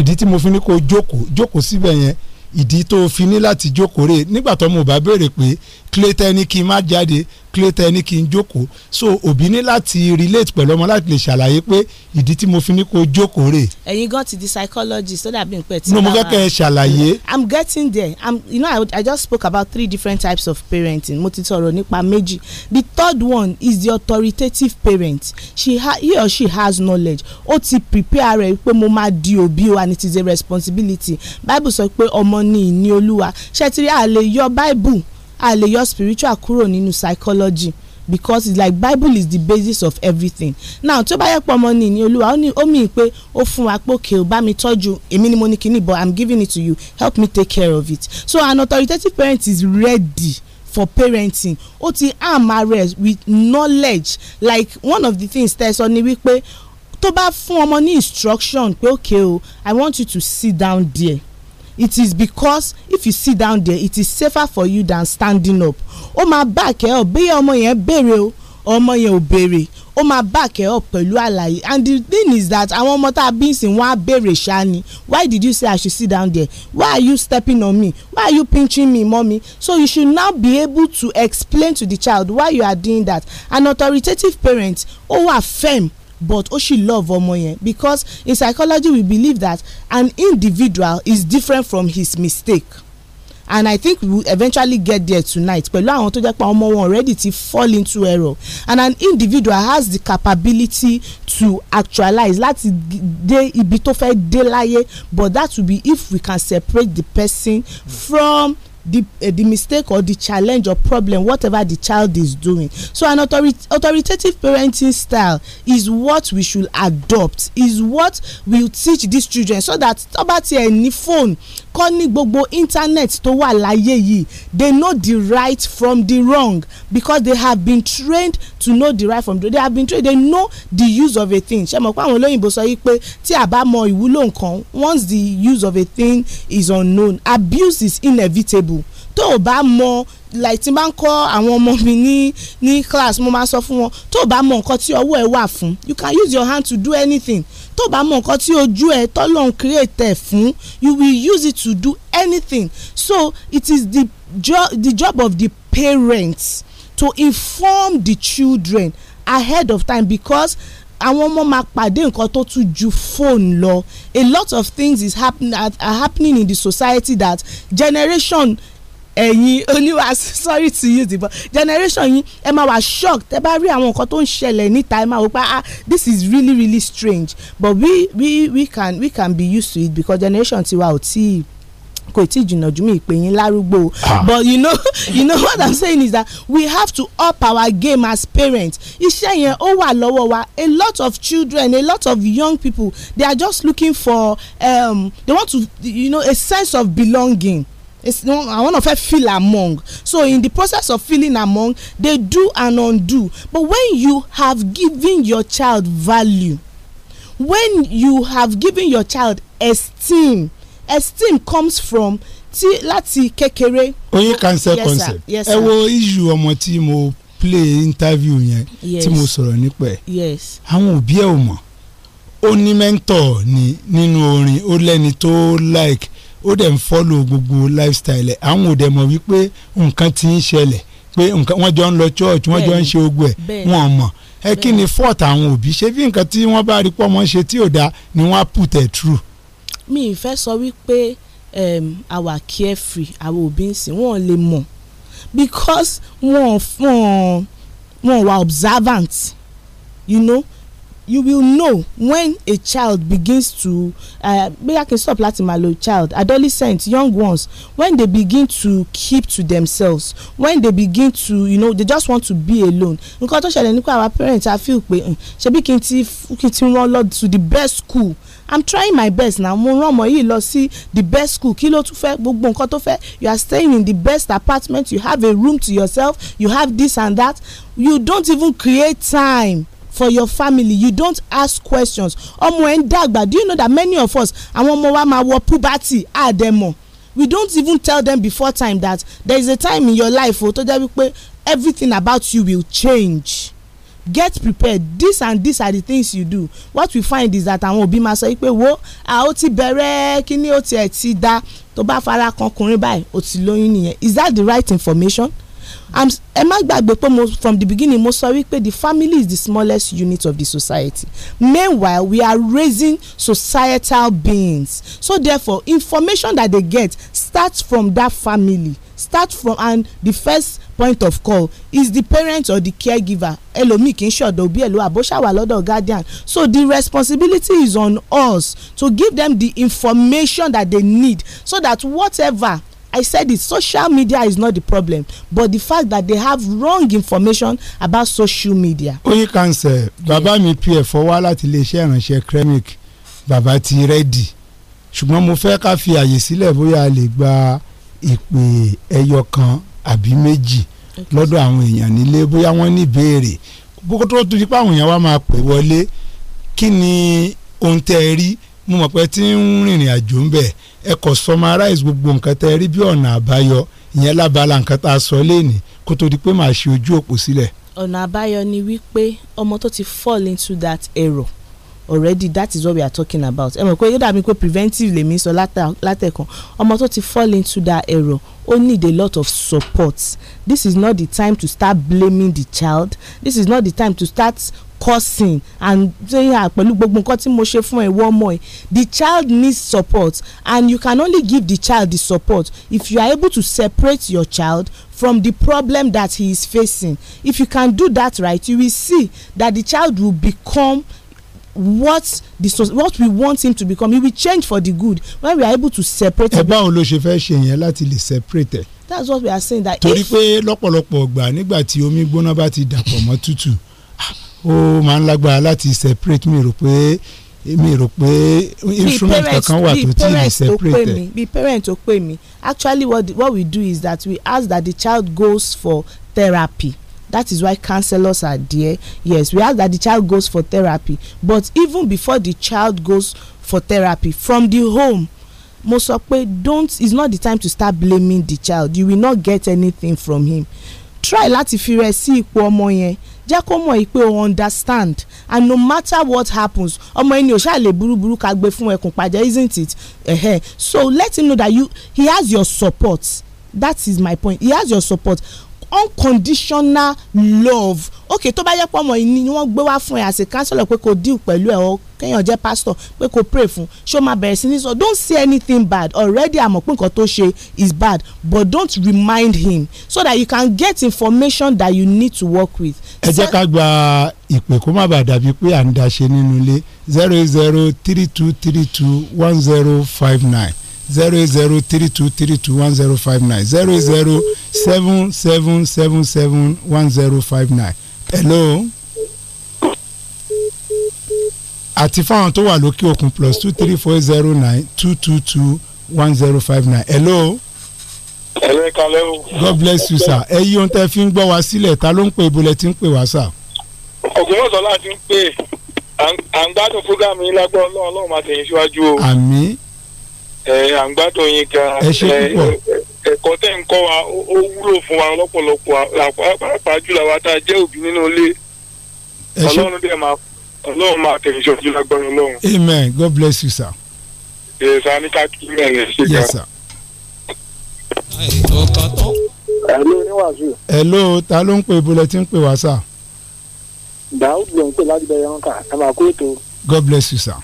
ìdí tí mo fi ní kó jókòó jókòó síbẹ̀ yẹn ìdí tó fi ní láti jókòó rè nígbà tó mo bá béèrè pé clay tẹ ní kí n má jáde clay tẹ kí n jókòó so òbí ní láti relate pẹ̀lú ọmọ láti lè ṣàlàyé pé ìdí tí mo fi ní kó jókòó rè. ẹ̀yin gan ti di psychologist ó dàbí nǹkan tí. no mo fẹ́ ṣàlàyé. i'm getting there i'm you know I, i just spoke about three different types of parenting mo ti sọ̀rọ̀ nípa méjì the third one is the authoritative parent she ha he or she has knowledge ó ti prepare rẹ̀ pé mo máa di òbí o and it is a responsibility bible sọ pé ọmọ ni ìní olúwa ṣe ti rí àlè yọ bible a lè yọ spiritual kúrò nínú psychology because it's like bible is the basis of everything now tó bá yẹ pọ ọmọ ní ní olúwa ó ní ó mìíràn pé ó fún wa pé òkè ó bá mi tọ́jú èmi ni mo ní kíní but i'm giving it to you help me take care of it so an authoritative parent is ready for parenting ó ti arm ara with knowledge like one of the things tẹ́ sọ ni wípé tó bá fún ọmọ ní instruction pé òkè o i want you to sit down there it is because if you sit down there it is safer for you than standing up ó máa back ẹ up bóyá ọmọ yẹn béèrè o ọmọ yẹn ò béèrè ó máa back Oh up oh omo yen beere o omo yen o àlàyé and the thing is that àwọn ọmọ tá a bí sìn wọ́n á béèrè why did you say I should sit down there why are you stepping on me why are you pinching me mommy so you should now be able to explain to the child why you are doing that an authoritative parent ó wà firm but oh she love ọmọ yẹn because in psychology we believe that an individual is different from his mistake and i think we will eventually get there tonight pẹ̀lú àwọn tó jẹ́ pé ọmọ wọn already ti fall into error and an individual has the capability to actualize láti dé ibi tó fẹ́ dé láyé but that will be if we can separate the person from. Mm the uh, the mistake or the challenge or problem whatever the child is doing so an authoritative parenting style is what we should adopt is what will teach these children so that tó bá phone kọ́ ní gbogbo internet tó wà láyé yìí they know the right from the wrong because they have been trained to know the right from the wrong they have been trained they know the use of a thing ṣe mọ̀ pé àwọn olóyìnbó sọ yìí pé tí a bá mọ ìwúlò nǹkan once the use of a thing is unknown abuse is inevitable tó o bá mọ like tí n bá ń kọ́ àwọn ọmọ mi ní ní class mo máa sọ fún wọn tó o bá mọ nǹkan tí ọwọ́ ẹ wà fún you can use your hand to do anything tó bá mọ nǹkan tí ojú ẹ tọ́lọ́hún create ẹ̀ fún you will use it to do anything so it is the, jo the job of the parents to inform the children ahead of time because àwọn ọmọ máa pàdé nǹkan tó tún ju fóònù lọ a lot of things is happen are happening in the society that generation ẹ̀yin olúwa sorry to use the word generation yín ẹ máa wà shock tẹ bá rí àwọn nǹkan tó ń ṣẹlẹ̀ níta ẹ máa wò pé ah this is really really strange but we we we can we can be used to it because generation tiwa ò tíì kò tí jìnnà ju mi ìpè yín lárúgbó ah. but you know you know what i'm saying is that we have to up our game as parents iṣẹ́ yẹn ó wà lọ́wọ́ wa a lot of children a lot of young people they are just looking for um, they want to you know a sense of belonging it's no i want to feel among so in the process of feeling among they do and undo but when you have given your child value when you have given your child esteem esteem comes from ti láti kékeré. oyin cancel yes, concept ẹ yes, wo isu ọmọ tí mo play interview yẹn yes. tí mo sọ̀rọ̀ nípa ẹ̀ àwọn òbí ẹ̀ ò mọ̀ ó ní mẹ́ńtọ̀ ni nínú orin ó lẹ́ni tó like ó dẹ̀ ń fọ́lò gbogbo lifestyle ẹ̀ àwọn ò dẹ̀ mọ̀ wípé nǹkan ti ń ṣẹlẹ̀ pé wọ́n jọ ń lọ church wọ́n jọ ń ṣe ogun ẹ̀ wọ́n mọ̀ ẹ kí ni fọ́ọ̀tà àwọn òbí ṣé bí nǹkan tí wọ́n bá rí pọ́ mọ́ ṣe tí ò dáa ni wọ́n á put it through. mi ì fẹ́ sọ wípé um, carefree àwọn òbí ń sìn wọ́n lè mọ̀ because wọ́n wọ́n wọ́n wà observant you know you will know when a child begins to uh, May I can stop láti my little child adolescent young ones when they begin to keep to themselves when they begin to you know they just want to be alone nǹkan tó ṣẹlẹ̀ nípa our parents i feel pé hmm, ṣebí kí n ti kí n ti lọ to the best school i'm trying my best now mo rán ọmọ yìí lọ sí the best school kí ló tún fẹ́ gbogbo nǹkan tó fẹ́ you are staying in the best apartment you have a room to yourself you have this and that you don't even create time for your family you don't ask questions ọmọ ẹ ń dàgbà do you know that many of us àwọn ọmọ wa máa wọ puberty àdẹ̀mọ̀ we don't even tell them before time that there is a time in your life o oh, tó jẹ́ wípé everything about you will change get prepared this and this are the things you do what we find is that àwọn òbí máa sọ pé wo a ó ti bẹ̀rẹ̀ kí ni ó tiẹ̀ ti da tó bá fara kan ọkùnrin báyìí ó ti lóyún nìyẹn is that the right information? ẹ má gbàgbé pé mo from the beginning mo sọ wípé the family is the smallest unit of the society meanwhile we are raising societal beings so therefore information that they get starts from that family start from and the first point of call is the parent or the caregiver ẹlòmíì kì í ṣọ̀dọ̀ òbí ẹ̀ ló àbóṣàwà lọ́dọ̀ guardian so the responsibility is on us to give them the information that they need so that whatever I said it social media is not the problem but the fact that they have wrong information about social media. oyin kansẹ bàbá mi pf wá láti iléeṣẹ́ ìrànṣẹ́ cremic bàbá ti rẹ́dì ṣùgbọ́n mo fẹ́ ká fi àyè sílẹ̀ bóyá a lè gba ìpè ẹyọ kan àbí méjì lọ́dọ̀ àwọn èèyàn nílé bóyá wọ́n ní ìbéèrè bó tó tó di pé àwọn èèyàn wa máa pè wọlé kí ni ohun tẹ́ ẹ rí mo mọ̀ pé tí ń rìnrìn àjò ń bẹ̀ ẹ kò summarize gbogbo nǹkan tẹ́ rí bí ọ̀nà àbáyọ ìyẹn lábala nǹkan tá a sọ léèní kó tó di pé màá ṣe ojú òpó sílẹ̀. ọ̀nà àbáyọ ni wípé ọmọ tó ti fall into that error already that is what we are talking about ẹ mọ̀ pé yóò dàbí pé preventive lèmi sọ látẹ̀kan ọmọ tó ti fall into that error ó need a lot of support this is not the time to start blaming the child this is not the time to start cursing and yeah, pẹ̀lú gbogbo nǹkan tí mo ṣe fún ẹ wọ́n mọ̀ ẹ́ the child needs support and you can only give the child the support if you are able to separate your child from the problem that he is facing if you can do that right you will see that the child will become what the what we want him to become he will change for the good when we are able to separate. ẹ báwo ló ṣe fẹ́ ṣe yẹn láti lè separate that's what we are saying that. torí pé lọ́pọ̀lọpọ̀ ọgbà nígbà tí omi gbóná bá ti dàpọ̀ mọ́ tútù ó máa ń lágbára láti separate mi rò pé mi rò pé instrument kankan wà tó tí separate parent tó mí actually what, the, what we do is that we ask that the child goes for therapy that is why counselors are there yes we ask that the child goes for therapy but even before the child goes for therapy from the home mo sọ pé don't it's not the time to start blaming the child you will not get anything from him try láti fi rẹ sí ipò ọmọ yẹn jẹ́ kó mọ̀ yìí pé o understand and no matter what happens ọmọ ẹni ò ṣáà lè burúburú ká gbé fún ẹkùn pàjẹ́ isn't it uh -huh. so let him know that you he has your support that is my point he has your support unconditional love okay tó bá yẹ pé ọmọ yìí ni wọ́n gbé wá fún ẹ as a counselor pé kò deal pẹ̀lú ẹ kéèyàn jẹ́ pastor pé kò pray fún ṣó máa bẹ̀rẹ̀ sí ní sọ don't say anything bad already àmọ̀ pé nǹkan tó ṣe is bad but don't remind him so that you can get information that you need to work with. ẹ jẹ́ ká gba ìpè kó má bàa dàbí pé à ń daṣe nínú ilé zero eight zero three two three two one zero five nine zero eight zero three two three two one zero five nine zero eight zero seven seven seven seven one zero five nine hello. àti fáwọn tó wà lókè òkun plus two three four zero nine two two two one zero five nine. hello. hello ẹ kalẹ́ o. god bless you sir. ẹ yí ohun tẹ́ fi ń gbọ́ wá sílẹ̀ ta ló ń pè ibo lẹ ti ń pè wá sà. ògùnmọ̀sán láti ń pè à ń gbádùn fúgàmù yín lágbọ́ ọlọ́run ọlọ́run máa tẹ̀yìn síwájú o. àmín. ẹ à ń gbádùn yín gan. ẹ ṣe púpọ̀. ẹ̀kọ́ tẹ̀ ń kọ́ wa ó wúlò fún wa lọ́pọ̀lọpọ̀ àpapàá jùlọ wa tá a jẹ́ òbí nínú ilé. ọlọ́run dẹ̀ máa ọlọ́run máa tẹ̀ ìṣojú lágbára ọlọ́run. amen god bless you sir. yes sir ní ká kí mẹ́rin ṣe ká. yes sir. hello oníwàásù. hello ta ló ń pè bọ́lẹ̀ tí ń pè wá sà. dàúd ló ń pè láti bẹ̀rẹ̀ wọn kà máa kó ètò. god bless you sir.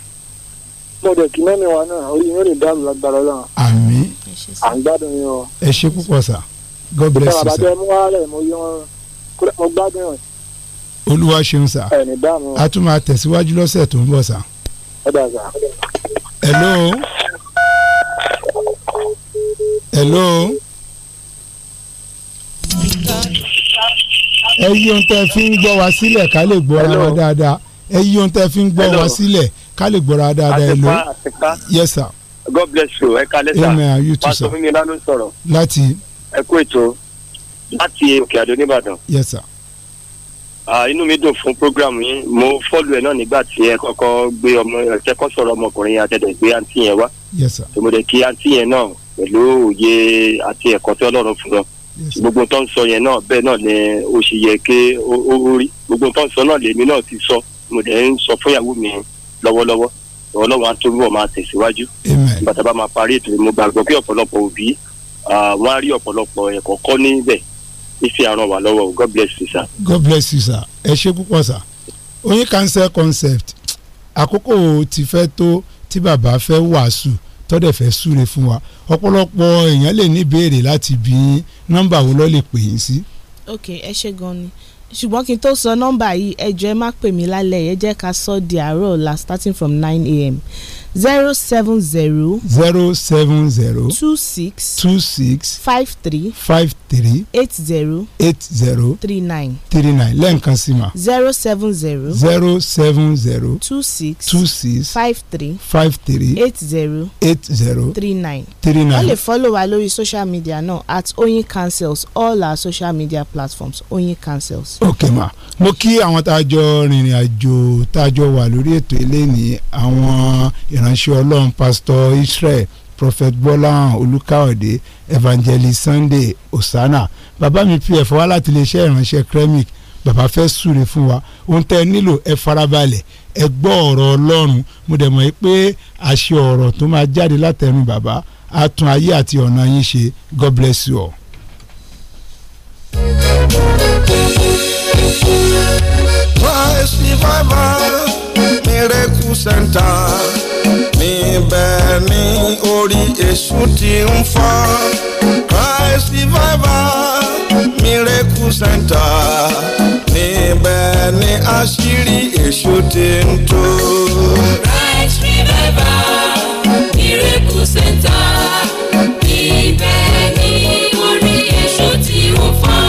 mo dẹ̀ kí mẹ́rin wa náà orí yóò lè dáàbò lágbára ọlọ́run. àmín. à ń gbádùn yín o. ẹ ṣe púpọ̀ sà god bless you sir. sọ àbájọ mú wàhálà ẹ̀ mo olúwa ṣeun sà a tún máa tẹ̀síwájú lọ́sẹ̀ tó ń bọ̀ sà. hello. hello. ẹ yí ohun tẹ́ fi ń gbọ́ wa sílẹ̀ ká lè gbọ́ ara wa dáadáa ẹ yí ohun tẹ́ fi ń gbọ́ wa sílẹ̀ ká lè gbọ́ ara dáadáa hello. yes sir. God bless you ẹ kalẹ sa amen you too sir pastor mímí lánàá sọ̀rọ̀ láti ẹ kú ètò láti òkè àdó nìbàdàn. yes sir. Ah, inú mi dùn fún program yín mo fọ́lù ẹ̀ náà nígbà tí ẹ kọ́kọ́ gbé ọmọ ẹ kọ́ sọ̀rọ̀ ọmọkùnrin yẹn àtẹ̀dẹ̀ gbé àǹtí yẹn wá tòmọ̀ dẹ̀ kí àǹtí yẹn náà pẹ̀lú òye àti ẹ̀kọ́ tí ọlọ́run fún lọ gbogbo tó ń sọ yẹn náà bẹ́ẹ̀ náà ni ó ṣe yẹ kí ó rí gbogbo tó ń sọ náà lèmi náà ti sọ mo dẹ̀ ń sọ fúnyàwó mi lọ́wọ́lọ́wọ́ ọlọ́run á tó bọ̀ ife àrùn wà lọ́wọ́ god bless you sir. god bless you sir ẹ ṣe púpọ̀ sir oyin cancer concept àkókò ti fẹ́ tó tí bàbá fẹ́ wàásù tọ́dẹ̀ fẹ́ súre fún wa ọ̀pọ̀lọpọ̀ èèyàn lè ní ìbéèrè láti bí nọ́mbà wo lọ́ọ́ lè pè yín sí. ok ẹ ṣe gan ni ṣùgbọ́n kí n tó sọ nọ́mbà yìí ẹ jọ̀ọ́ ẹ má pè mí lálẹ́ ẹ jẹ́ ká sọ di àárọ̀ ọ̀la starting from nine a.m zero seven zero. zero seven zero. two six. two six. five three. five three. eight zero. eight zero. three nine. three nine lẹ́ǹkan sí ma. zero seven zero. zero seven zero. two six. two six. five three. five three. eight zero. eight zero. three nine. three nine. wọ́n lè follow wa lórí social media náà at Oyin Cancels all our social media platforms Oyin Cancels. ok ma mo kí àwọn tá a jọ rìnrìn àjò tá a jọ wà lórí ètò eléyìí àwọn ìrànlọ́wọ́ ìránṣẹ́ ọlọ́run pásítọ̀ Israel prophet Bọ́láhàn Olúkáọ̀dé evangelist Sunday Osana bàbá mi pf e wá láti iléeṣẹ́ ìránṣẹ́ kremik bàbá fẹ́ súre fún wa ohun tẹ́ ẹ nílò ẹ farabalẹ̀ ẹ gbọ́ ọ̀rọ̀ ọlọ́run mo dẹ̀ mọ̀ pé àṣẹ ọ̀rọ̀ tó máa jáde látẹnu bàbá á tún ayé àti ọ̀nà yín ṣe God bless you all. Christ Revival Miracle Center ibẹ̀ ni orí èṣù ti ń fọ́ Christ revival miracle center níbẹ̀ ni àṣírí èṣù ti ń tú. Christ revival miracle center ibẹ̀ ni orí èṣù ti ń fọ́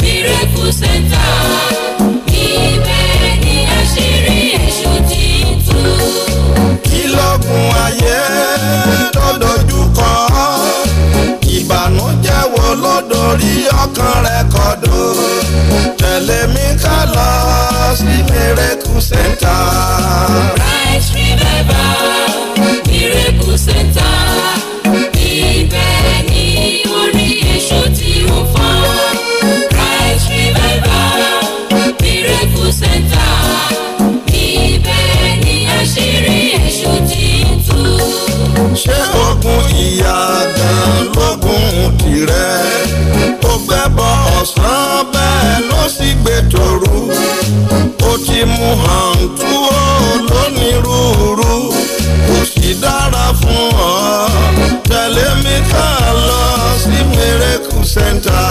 miracle center. olódòrí ọkàn rẹ̀ kọ́dọ̀ tẹ̀lé mi ká lọ sí miracle center. Christ remember. hàǹtú ó lónírúurú kò sì dára fún ọ tẹ̀lé mi ká lọ sí miracle center.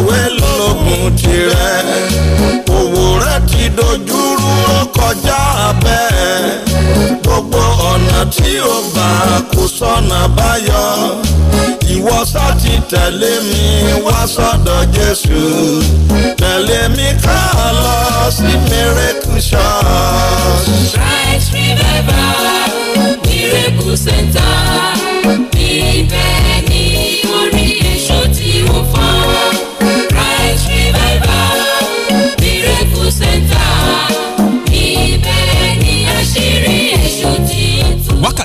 ìyàwó lóògùn tirẹ̀ òwò rẹ̀ ti dojúrú ó kọjá bẹ́ẹ̀ gbogbo ọ̀nà tí ó gbà kò sọ̀nà báyọ̀ ìwọ sá tẹ̀lé mi wá sọ́dọ̀ Jésù tẹ̀lé mi ká lọ sí miracle church. Christ Revival Miracle Center.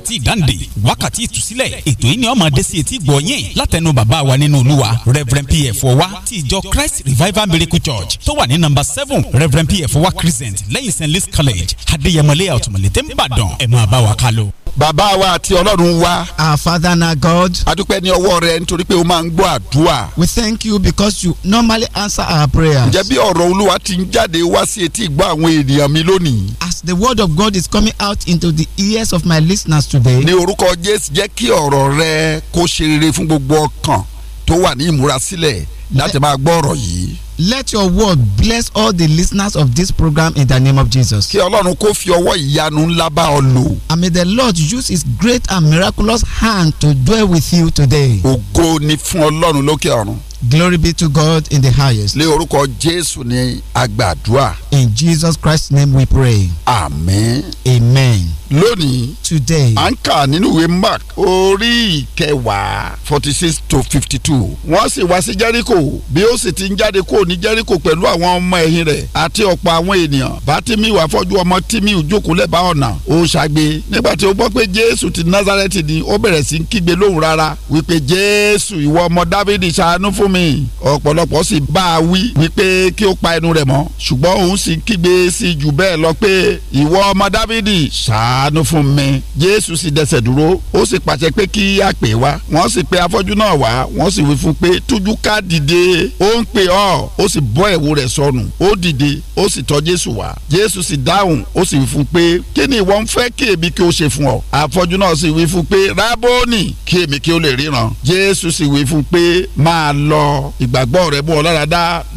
wákàtí ìdáǹdè wákàtí ìtúsílẹ̀ ètò yìí ni ó máa dé etí gbọ̀ yín látẹnu bàbá wa nínú olúwa reverend pf ọwa ti ìjọ christ revival miracle church tó wà ní nọ́mbà seven reverend pf ọwa crescent lẹ́yìn st louis college adéyẹmọlẹ́yà ọ̀túnmọ̀lẹ́ tẹ́ ń bàdàn ẹ̀ máa bá wa kálọ bàbá wa àti ọlọ́run wa. our father na God. a dúpẹ́ ọwọ́ rẹ nítorí pé o máa ń gbọ́ àdúrà. we thank you because you normally answer our prayers. ǹjẹ́ bí ọ̀rọ̀ olúwa ti ń jáde wá sí etí ìgbọ́ àwọn ènìyàn mi lónìí. the word of God is coming out into the ears of my listeners today. ní orúkọ Jésù jẹ́ kí ọ̀rọ̀ rẹ kó ṣe rere fún gbogbo ọkàn tó wà ní ìmúrasílẹ̀ láti máa gbọ́ ọ̀rọ̀ yìí. Let your word bless all the listeners of this program in the name of Jesus. Kí Ọlọ́run kó fi ọwọ́ ìyanu ńlá bá ọ lò. And may the Lord use his great and miraculous hand to dwell with you today. Ògo ni fún Ọlọ́run lókè ọ̀run. Glory be to God in the highest. Lé orúkọ Jésù ni a gbàdúrà. In Jesus Christ's name we pray. Amen. Amen. Lónìí. Today. À ń kà nínú ìwé Mark orí ìkẹwàá forty six to fifty two. Wọ́n sì wá sí Jẹ́ríkò bí ó sì ti ń jáde kúrò ní Jẹ́ríkò pẹ̀lú àwọn ọmọ ẹ̀yìn rẹ̀ àti ọ̀pọ̀ àwọn ènìyàn. Bátímì wà fọ́jú ọmọ Tímì jókòó lẹ́bàá ọ̀nà ó ṣàgbé. Nígbà tí ó gbọ́ pé Jésù ti Násárẹ́tì ni ó bẹ̀rẹ̀ sí í kígbe lóhùn rárá wípé Jésù ìwọ ọmọ Dáfídì ṣàánú fún fún mi ọ̀pọ̀lọpọ̀ sì bá a wí wípé kí ó pa ẹnu rẹ̀ mọ́ ṣùgbọ́n òun sì kígbe sí jù bẹ́ẹ̀ lọ pé ìwọ ọmọ dávidi ṣàánú fún mi jésù sì dẹsẹ̀ dúró ó sì pàṣẹ pé kí a pè wá wọ́n sì pe afọ́jú náà wá wọ́n sì wí fún pé tújúká dìde ó ń pè ọ́ ó sì bọ́ ẹ̀wù rẹ̀ sọnù ó dìde ó sì tọ́ jésù wá jésù sì dáhùn ó sì wí fún pé kí ni ìwọ ń fẹ́ kí èmi kí o ṣe fún ọ afọ́jú náà sì wí fún pé rábónì kí èmi kí o lè ríran jésù sì wí fún pé máa lọ lọ ìgbàgbọ́ rẹ̀ bọ́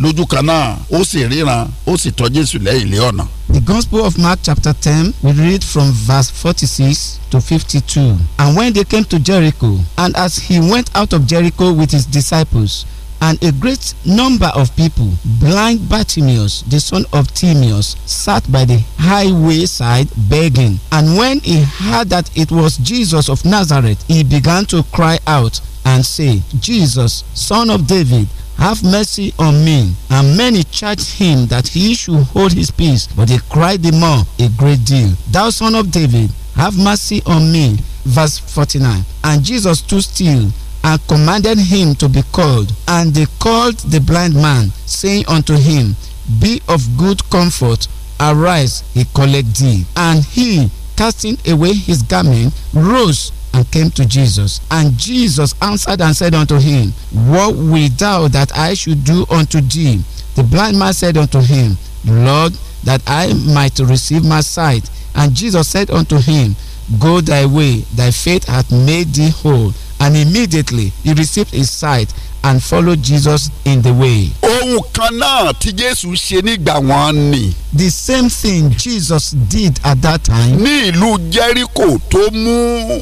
lójú kan náà ó sì ríran ó sì tọ́ Jésù lẹ́yìn ilé ọ̀nà. The Gospel of Mark chapter ten we read from verse forty-six to fifty-two. And when they came to Jericho, and as he went out of Jericho with his disciples, and a great number of people. Blind Bartimaeus, the son of Timaeus, sat by the highway side begging. And when he heard that it was Jesus of Nazareth, he began to cry out, and say, Jesus, son of David, have mercy on me. And many charged him that he should hold his peace, but he cried the more a great deal, Thou son of David, have mercy on me. Verse 49. And Jesus stood still and commanded him to be called. And they called the blind man, saying unto him, Be of good comfort, arise, he collect thee. And he, casting away his garment, rose and came to Jesus. And Jesus answered and said unto him, What wilt thou that I should do unto thee? The blind man said unto him, Lord, that I might receive my sight. And Jesus said unto him, Go thy way, thy faith hath made thee whole and immediately he received his sight and followed Jesus in the way. ohun kan náà tí Jésù ṣe nígbà wọn ni. the same thing Jesus did at that time. ní ìlú Jericho tó mú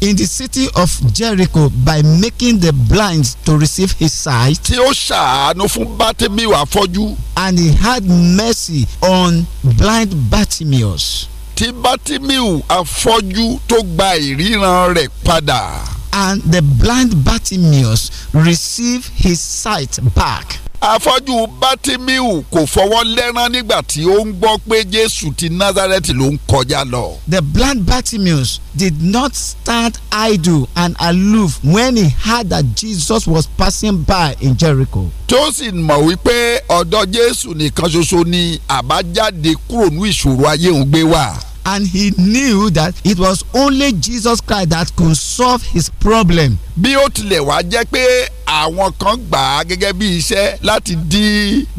in the city of Jericho by making the blind to receive his sight. and he had mercy on blind Bartimaeus tí Bátímíù afọ́jú tó gba ìríran rẹ̀ padà. And the blind Bartimaeus received his sight back. afọ́jú Bátímíù kò fọwọ́ lẹ́rán nígbà tí ó ń gbọ́ pé Jésù ti Nazareth ló ń kọjá lọ. The blind Bartimaeus did not stand idle and aloof when he heard that Jesus was passing by in Jericho. tó sì mọ̀ wípé ọ̀dọ̀ Jésù nìkan ṣoṣo ni àbájáde kúrò ní ìṣòro ayé òun gbé wá and he knew that it was only Jesus Christ that could solve his problem. bí ó tilẹ̀ wá jẹ́ pé àwọn kan gbà á gẹ́gẹ́ bí iṣẹ́ láti dí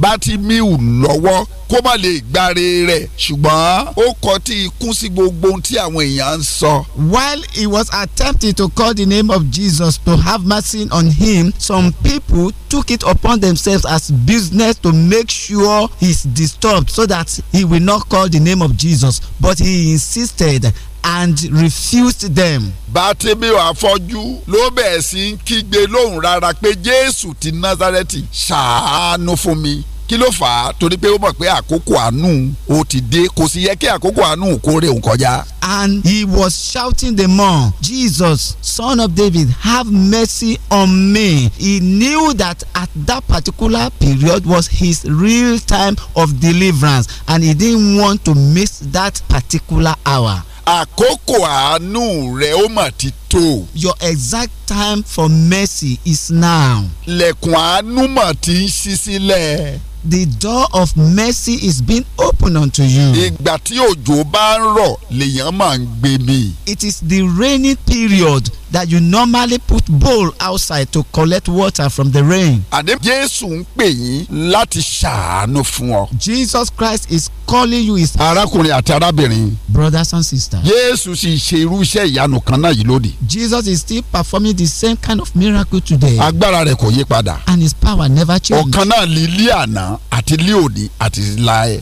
Bátímíù lọ́wọ́ kó má lè gbáre rẹ̀ ṣùgbọ́n ó kọ tí sí gbogbo ohun tí àwọn èèyàn ń sọ. While he was attempting to call the name of Jesus to have mercy on him, some people took it upon themselves as business to make sure he's disturbed so that he will not call the name of Jesus. But he insisted and refused them. Bátímíù afọ́jú ló bẹ̀ẹ̀ sí kígbe lóhùn rárá pé Jésù ti Násárẹ́tì ṣàánú fún mi. kí ló fà á torí pé ó mọ̀ pé àkókò àánú ó ti dé kò sì yẹ kí àkókò àánú kó rè òun kọjá. And he was shouting the more, Jesus, son of David, have mercy on me. He knew that at that particular period was his real time of deliverance, and he didn't want to miss that particular hour. àkókò àánú rẹ ó mà ti tó. your exact time for mercy is now. lẹ̀kùn àánú mà ti ń ṣí sílẹ̀. the door of mercy is being opened unto you. ìgbà tí òjò bá ń rọ̀ lèèyàn máa ń gbé mi. it is the rainy period that you normally put bowl outside to collect water from the rain. àdé Jésù ń pè yín láti ṣàánú fún ọ. Jesus Christ is calling you his. arákùnrin àti arábìnrin. brothers and sisters. Jésù sì ṣe irú iṣẹ́ ìyanu kan náà yìí Jesus is still performing the same kind of miracle today. agbára rẹ̀ kò yí padà. and his power never changes. ọ̀kan náà ní ilé àná àti ilé òní àti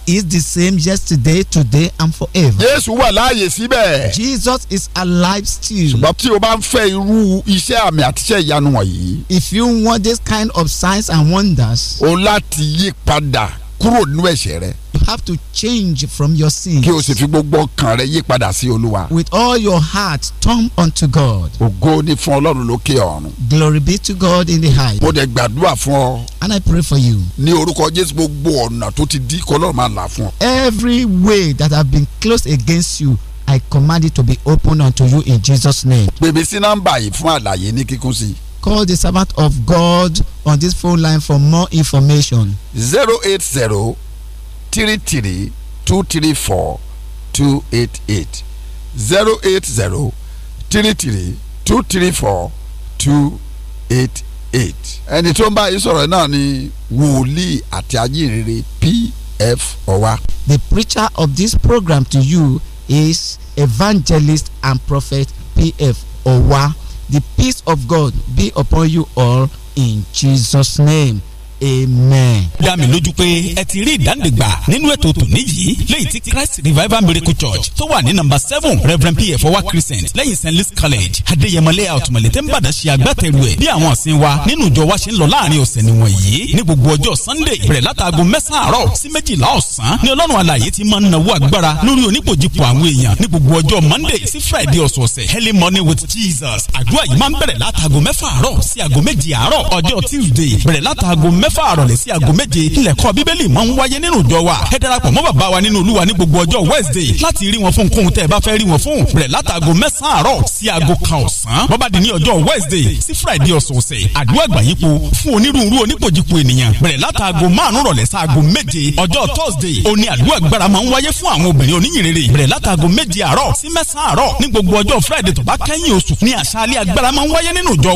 is the same yesterday today and forever. Jésù wà láàyè síbẹ̀. Jesus is alive still. ṣùgbọ́n tí o bá ń fẹ́ irú iṣẹ́ àmì àtiṣẹ́ ìyanu wọ̀nyí. if you want this kind of signs and wonders. o láti yí padà kúrò nínú ẹ̀ṣẹ̀ rẹ. you have to change from your sins. kí o sì fi gbogbo ọkàn rẹ yí padà sí olúwa. with all your heart turn unto God. ògo ni fún ọlọ́run lókè ọ̀run. glory be to God in the high. mo dẹ̀ gbàdúrà fún ọ. and I pray for you. ní orúkọ jésù gbogbo ọ̀nà tó ti dí kọ́ máa là fún ọ. every way that have been closed against you I command it to be opened unto you in Jesus' name. Bèbè sí nọ́mbà yìí fún àlàyé ní kíkún sí. Call the servant of God on this phone line for more information. zero eight zero three three two three four two eight eight zero eight zero three three two three four two eight eight. ẹni tó ń bá yìí sọ̀rọ̀ náà ni wòlíì àti P.F. Ọwa. The preacher of this program to you is evangelist and prophet P.F. Owa. The peace of God be upon you all in Jesus' name. amen. dá mi lójú pé ẹ ti rí ìdánilẹ́gbà nínú ètò tòní yìí lẹ́yìn tí christ revival miracle church tó wà ní number seven reverend pf ọwá crescent lẹ́yìn st louis college adéyẹmọlẹ́ àtùmọ̀lẹ́ tẹ́ ń bàdá ṣe agbátẹrù ẹ̀ bí àwọn ọ̀sìn wa nínú ìjọ wa ṣe ń lọ láàrin ọ̀sẹ̀ nìwọ̀n yìí ní gbogbo ọjọ́ sunday bẹ̀rẹ̀ látàgò mẹ́sàn-án àárọ̀ sí méjìlá ọ̀sán ni ọlọ́run alààyè ti máa ń nawó agbára lórí onípòjìpọ̀ àwọn èèyàn ní gbogbo ọjọ́ monday sí friday ọ̀sọ̀ọ̀sẹ̀ early morning with jesus àdúrà yìí máa ń bẹ̀rẹ̀ látàgò mẹ́fà àárọ̀ sí àgò méjì tuesday bẹ̀rẹ̀ látàgò mẹ́fà mẹ́fà àrọ̀lẹ́ sí aago méje ilẹ̀kọ́ bíbélì máa ń wáyé nínú ìjọ wa ẹ darapọ̀ mọ́ bàbá wa nínú olúwa ní gbogbo ọjọ́ wednesday láti rí wọn fún kóhun tẹ́ ẹ bá fẹ́ rí wọn fún rẹ̀ látàgò mẹ́sàn-án àárọ̀ sí aago kan ọ̀sán bọ́bá di ní ọjọ́ wednesday sí friday ọ̀sọ̀ọ̀sẹ̀ àdúrà gbàyípo fún onírúurú onípojìpo ènìyàn bẹ̀rẹ̀ látàgò márùn-ún rọ̀lẹ́ sáago méje ọjọ́ thursday òní àdúrà gbára máa ń wáyé fún àwọn obìnrin oníyìnrere bẹ̀rẹ̀ látàgò méje àárọ̀ sí mẹ́sàn-án àárọ̀ ní friday tó bá kẹ́yìn oṣù ní àṣálẹ́ agbára máa ń wáyé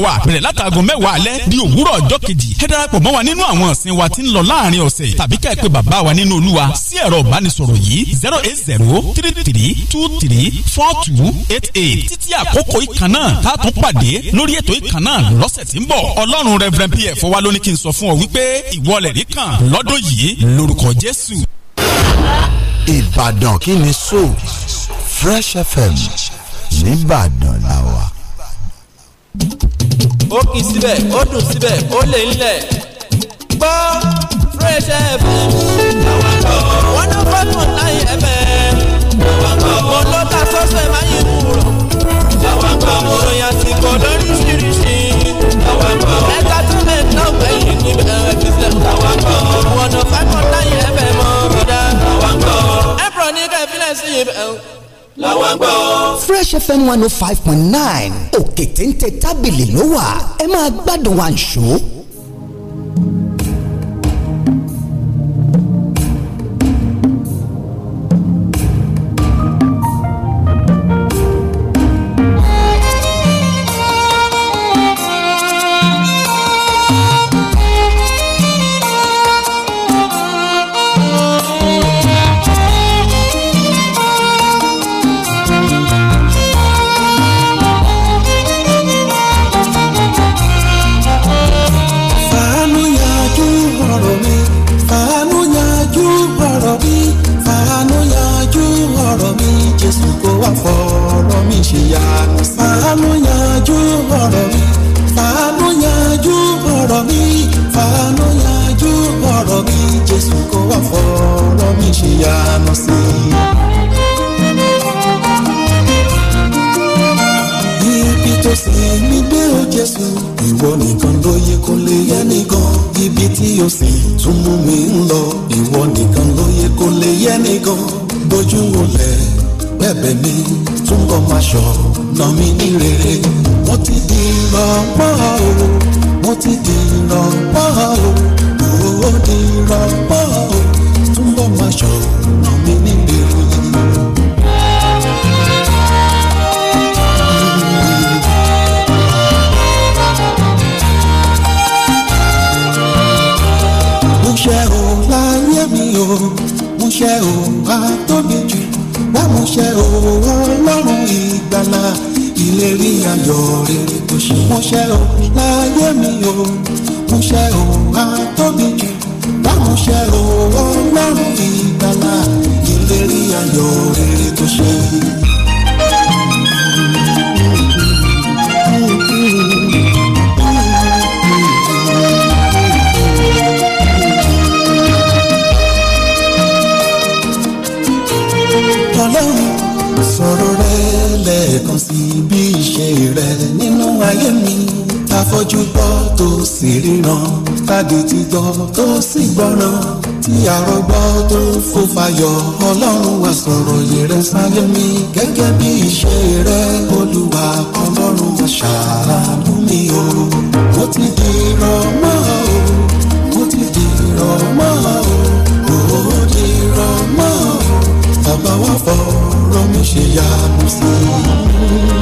wa bẹ̀rẹ̀ látàgò mẹ́wàá alẹ́ di òwúrọ̀ ọjọ́ kejì ẹ darapọ̀ mọ́ wa àwọn ìsìn wa ti ń lọ láàrin ọ̀sẹ̀ tàbí kẹ́ ẹ pé bàbá wa nínú olúwa sí ẹ̀rọ ìbánisọ̀rọ̀ yìí zero eight zero three three two three four two eight eight títí àkókò ìkan náà tá a tún pàdé lórí ètò ìkan náà lọ́sẹ̀ tí ń bọ̀ ọlọ́run reverend pf wa ló ní kí n sọ fún ọ wípé ìwọlẹ̀ rí kan lọ́dún yìí lórúkọ jésù. ìbàdàn kí ni so fresh fm nìbàdàn làwà. ó kì í síbẹ̀ ó dùn síbẹ̀ ó lè ń lẹ̀ gbọ́ fresh fm. làwọn gbọ́. one oh five point nine fm. làwọn one oh fresh fm one oh five point nine òkè téńté tábìlì ló wà ẹ máa gbádùn àǹṣó. gbé o Jésù ìwọ nìkan ló yẹ kó lè yẹ nìkan ibi tí o sì tún mú mi ń lọ ìwọ nìkan ló yẹ kó lè yẹ nìkan bójú wo lẹ̀ bẹ̀bẹ̀ mi túbọ̀ máa ṣọ̀ nà mí ní rere mo ti di ìrànwọ́ o mo ti di ìrànwọ́ o mo ti di ìrànwọ́ o túbọ̀ máa ṣọ̀ nà. múṣẹ́ o wá tóbi jù wá múṣẹ́ o ọlọ́run ìgbàlà ìlérí ayọ̀ rere tó ṣe múṣẹ́ o láyé mi o múṣẹ́ o wá tóbi jù wá múṣẹ́ o ọlọ́run ìgbàlà ìlérí ayọ̀ rere tó ṣe. ọlọ́run sọ̀rọ̀ rẹ lẹ́ẹ̀kan sí bí ìṣe rẹ nínú ayé mi afọ́jú gbọ́ tó sì ríran tágìtì gbọ́ tó sì gbọ́ràn tí àrọ́gbọ́ tó fò fayọ̀ ọlọ́run wá sọ̀rọ̀ yìí rẹ sáyé mi gẹ́gẹ́ bí ìṣe rẹ olúwa ọlọ́run wá ṣàánú mi o mo ti dìrọ̀ mọ́ o mo ti dìrọ̀ mọ́ o. bá wá fọ ọ̀rọ̀ mi ṣe yá mo sí i.